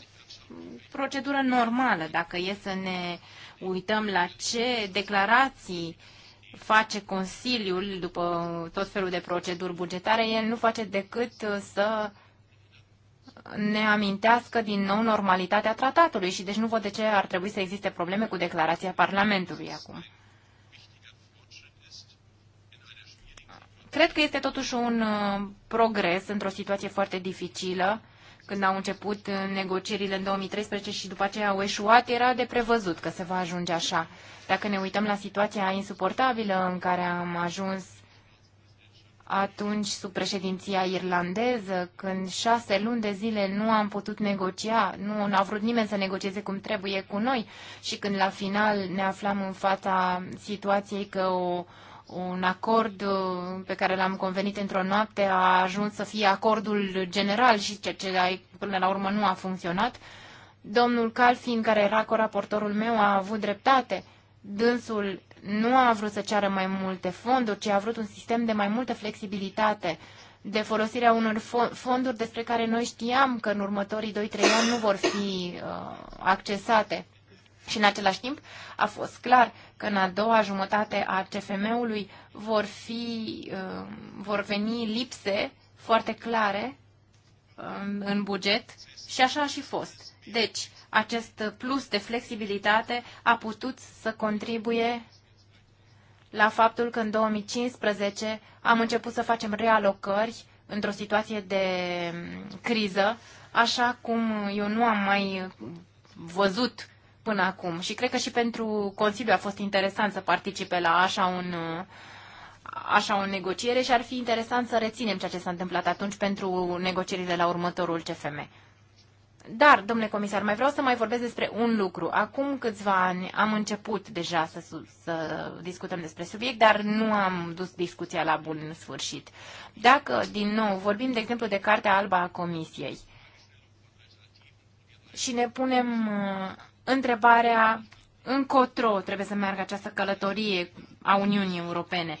procedură normală dacă e să ne uităm la ce declarații uh, face Consiliul după tot felul de proceduri bugetare, el nu face decât să ne amintească din nou normalitatea tratatului și deci nu văd de ce ar trebui să existe probleme cu declarația Parlamentului acum. Cred că este totuși un uh, progres într-o situație foarte dificilă când au început uh, negocierile în 2013 și după aceea au eșuat, era de prevăzut că se va ajunge așa. Dacă ne uităm la situația insuportabilă în care am ajuns atunci sub președinția irlandeză, când șase luni de zile nu am putut negocia, nu a vrut nimeni să negocieze cum trebuie cu noi și când la final ne aflam în fața situației că o un acord uh, pe care l-am convenit într-o noapte a ajuns să fie acordul general și ceea ce până la urmă nu a funcționat. Domnul Calfin, care era coraportorul meu, a avut dreptate. Dânsul nu a vrut să ceară mai multe fonduri, ci a vrut un sistem de mai multă flexibilitate, de folosirea unor fonduri despre care noi știam că în următorii 2-3 ani nu vor fi uh, accesate. Și în același timp a fost clar că în a doua jumătate a CFM-ului vor, fi, uh, vor veni lipse foarte clare um, în buget și așa a și fost. Deci, acest plus de flexibilitate a putut să contribuie la faptul că în 2015 am început să facem realocări într-o situație de um, criză, așa cum eu nu am mai văzut până acum și cred că și pentru Consiliu a fost interesant să participe la așa un așa o negociere și ar fi interesant să reținem ceea ce s-a întâmplat atunci pentru negocierile la următorul CFM. Dar, domnule comisar, mai vreau să mai vorbesc despre un lucru. Acum câțiva ani am început deja să, să discutăm despre subiect, dar nu am dus discuția la bun sfârșit. Dacă, din nou, vorbim, de exemplu, de Cartea alba a Comisiei și ne punem uh, întrebarea încotro trebuie să meargă această călătorie a Uniunii Europene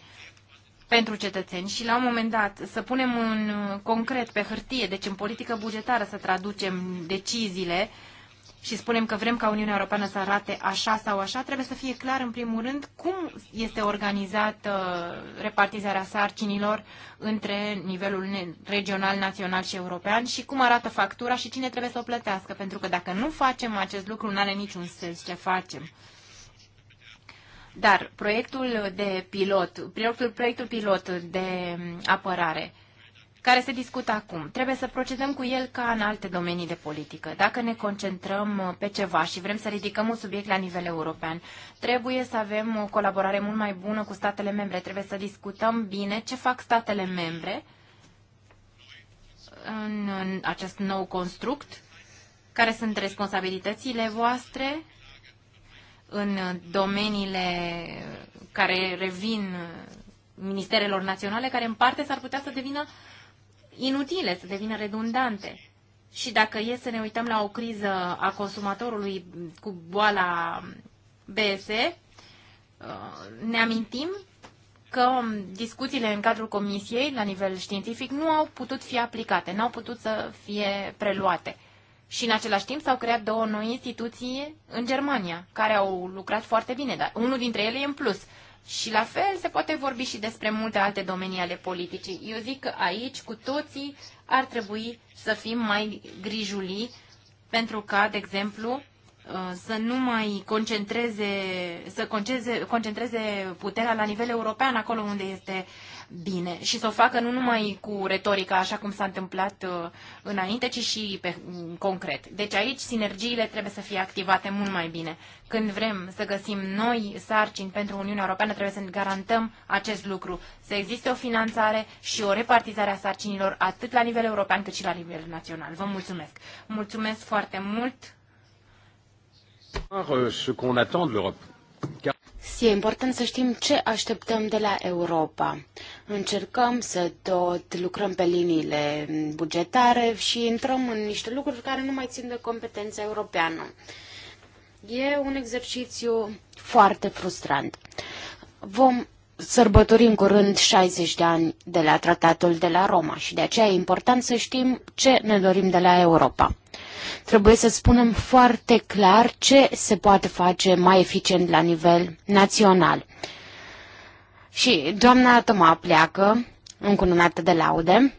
pentru cetățeni și la un moment dat să punem în concret pe hârtie, deci în politică bugetară să traducem deciziile uh, și spunem că vrem ca Uniunea Europeană să arate așa sau așa, trebuie să fie clar, în primul rând, cum este organizată repartizarea sarcinilor între nivelul regional, național și european și cum arată factura și cine trebuie să o plătească. Pentru că dacă nu facem acest lucru, nu are niciun sens ce facem. Dar proiectul de pilot, proiectul, proiectul pilot de apărare, uh, care se discută acum. Trebuie să procedăm cu el ca în alte domenii de politică. Dacă ne concentrăm uh, pe ceva și vrem să ridicăm un subiect la nivel european, trebuie să avem o colaborare mult mai bună cu statele membre. Trebuie să discutăm bine ce fac statele membre în, în acest nou construct, care sunt responsabilitățile voastre în domeniile care revin uh, ministerelor naționale, care în parte s-ar putea să devină inutile, să devină redundante. Și dacă e să ne uităm la o criză a consumatorului cu boala BSE, uh, ne amintim că discuțiile în cadrul comisiei, la nivel științific, nu au putut fi aplicate, nu au putut să fie preluate. Și în același timp s-au creat două noi instituții în Germania, care au lucrat foarte bine, dar unul dintre ele e în plus. Și la fel se poate vorbi și despre multe alte domenii ale politicii. Eu zic că aici, cu toții, ar trebui să fim mai grijuli pentru ca, de exemplu, Uh, să nu mai concentreze, să concentreze, concentreze puterea la nivel european, acolo unde este bine. Și să o facă nu numai cu retorica, așa cum s-a întâmplat uh, înainte, ci și pe, mm, concret. Deci aici sinergiile trebuie să fie activate mult mai bine. Când vrem să găsim noi sarcini pentru Uniunea Europeană, trebuie să garantăm acest lucru. Să existe o finanțare și o repartizare a sarcinilor atât la nivel european cât și la nivel național. Vă mulțumesc! Mulțumesc foarte mult! Euh, e important să știm ce așteptăm de la Europa. Încercăm să tot lucrăm pe liniile bugetare și intrăm în niște lucruri care nu mai țin de competența europeană. E un exercițiu foarte frustrant. Vom sărbători în curând 60 de ani de la Tratatul de la Roma și de aceea e important să știm ce ne dorim de la Europa. Trebuie să spunem foarte clar ce se poate face mai eficient la nivel național. Și doamna Toma pleacă, încununată de laude.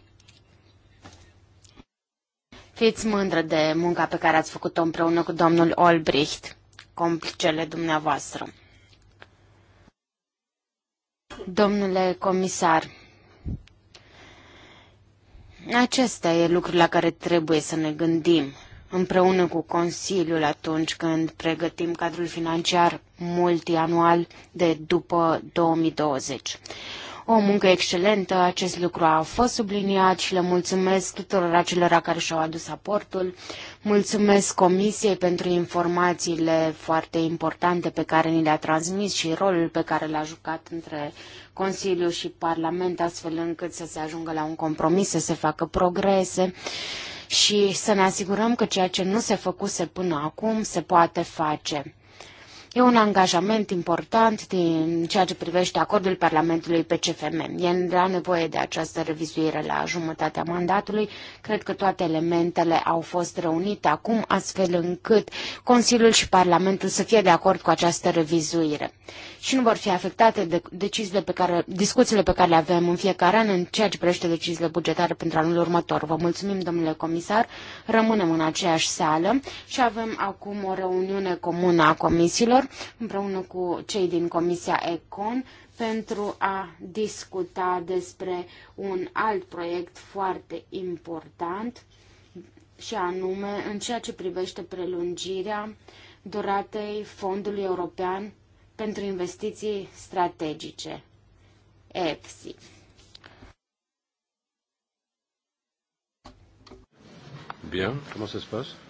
Fiți mândră de munca pe care ați făcut-o împreună cu domnul Olbricht, complicele dumneavoastră. Domnule comisar, acesta e lucrul la care trebuie să ne gândim împreună cu Consiliul atunci când pregătim cadrul financiar multianual de după 2020. O muncă excelentă, acest lucru a fost subliniat și le mulțumesc tuturor acelora care și-au adus aportul. Mulțumesc Comisiei pentru informațiile foarte importante pe care ni le-a transmis și rolul pe care l-a jucat între Consiliu și Parlament, astfel încât să se ajungă la un compromis, să se facă progrese și să ne asigurăm că ceea ce nu se făcuse până acum se poate face. E un angajament important din ceea ce privește acordul Parlamentului pe CFM. E la nevoie de această revizuire la jumătatea mandatului. Cred că toate elementele au fost reunite acum, astfel încât Consiliul și Parlamentul să fie de acord cu această revizuire. Și nu vor fi afectate de deciziile pe care, discuțiile pe care le avem în fiecare an în ceea ce privește deciziile bugetare pentru anul următor. Vă mulțumim, domnule comisar. Rămânem în aceeași sală și avem acum o reuniune comună a comisiilor viitor, împreună cu cei din Comisia ECON, pentru a discuta despre un alt proiect foarte important și anume în ceea ce privește prelungirea duratei Fondului European pentru Investiții Strategice, EFSI. Bien, comment ça se passe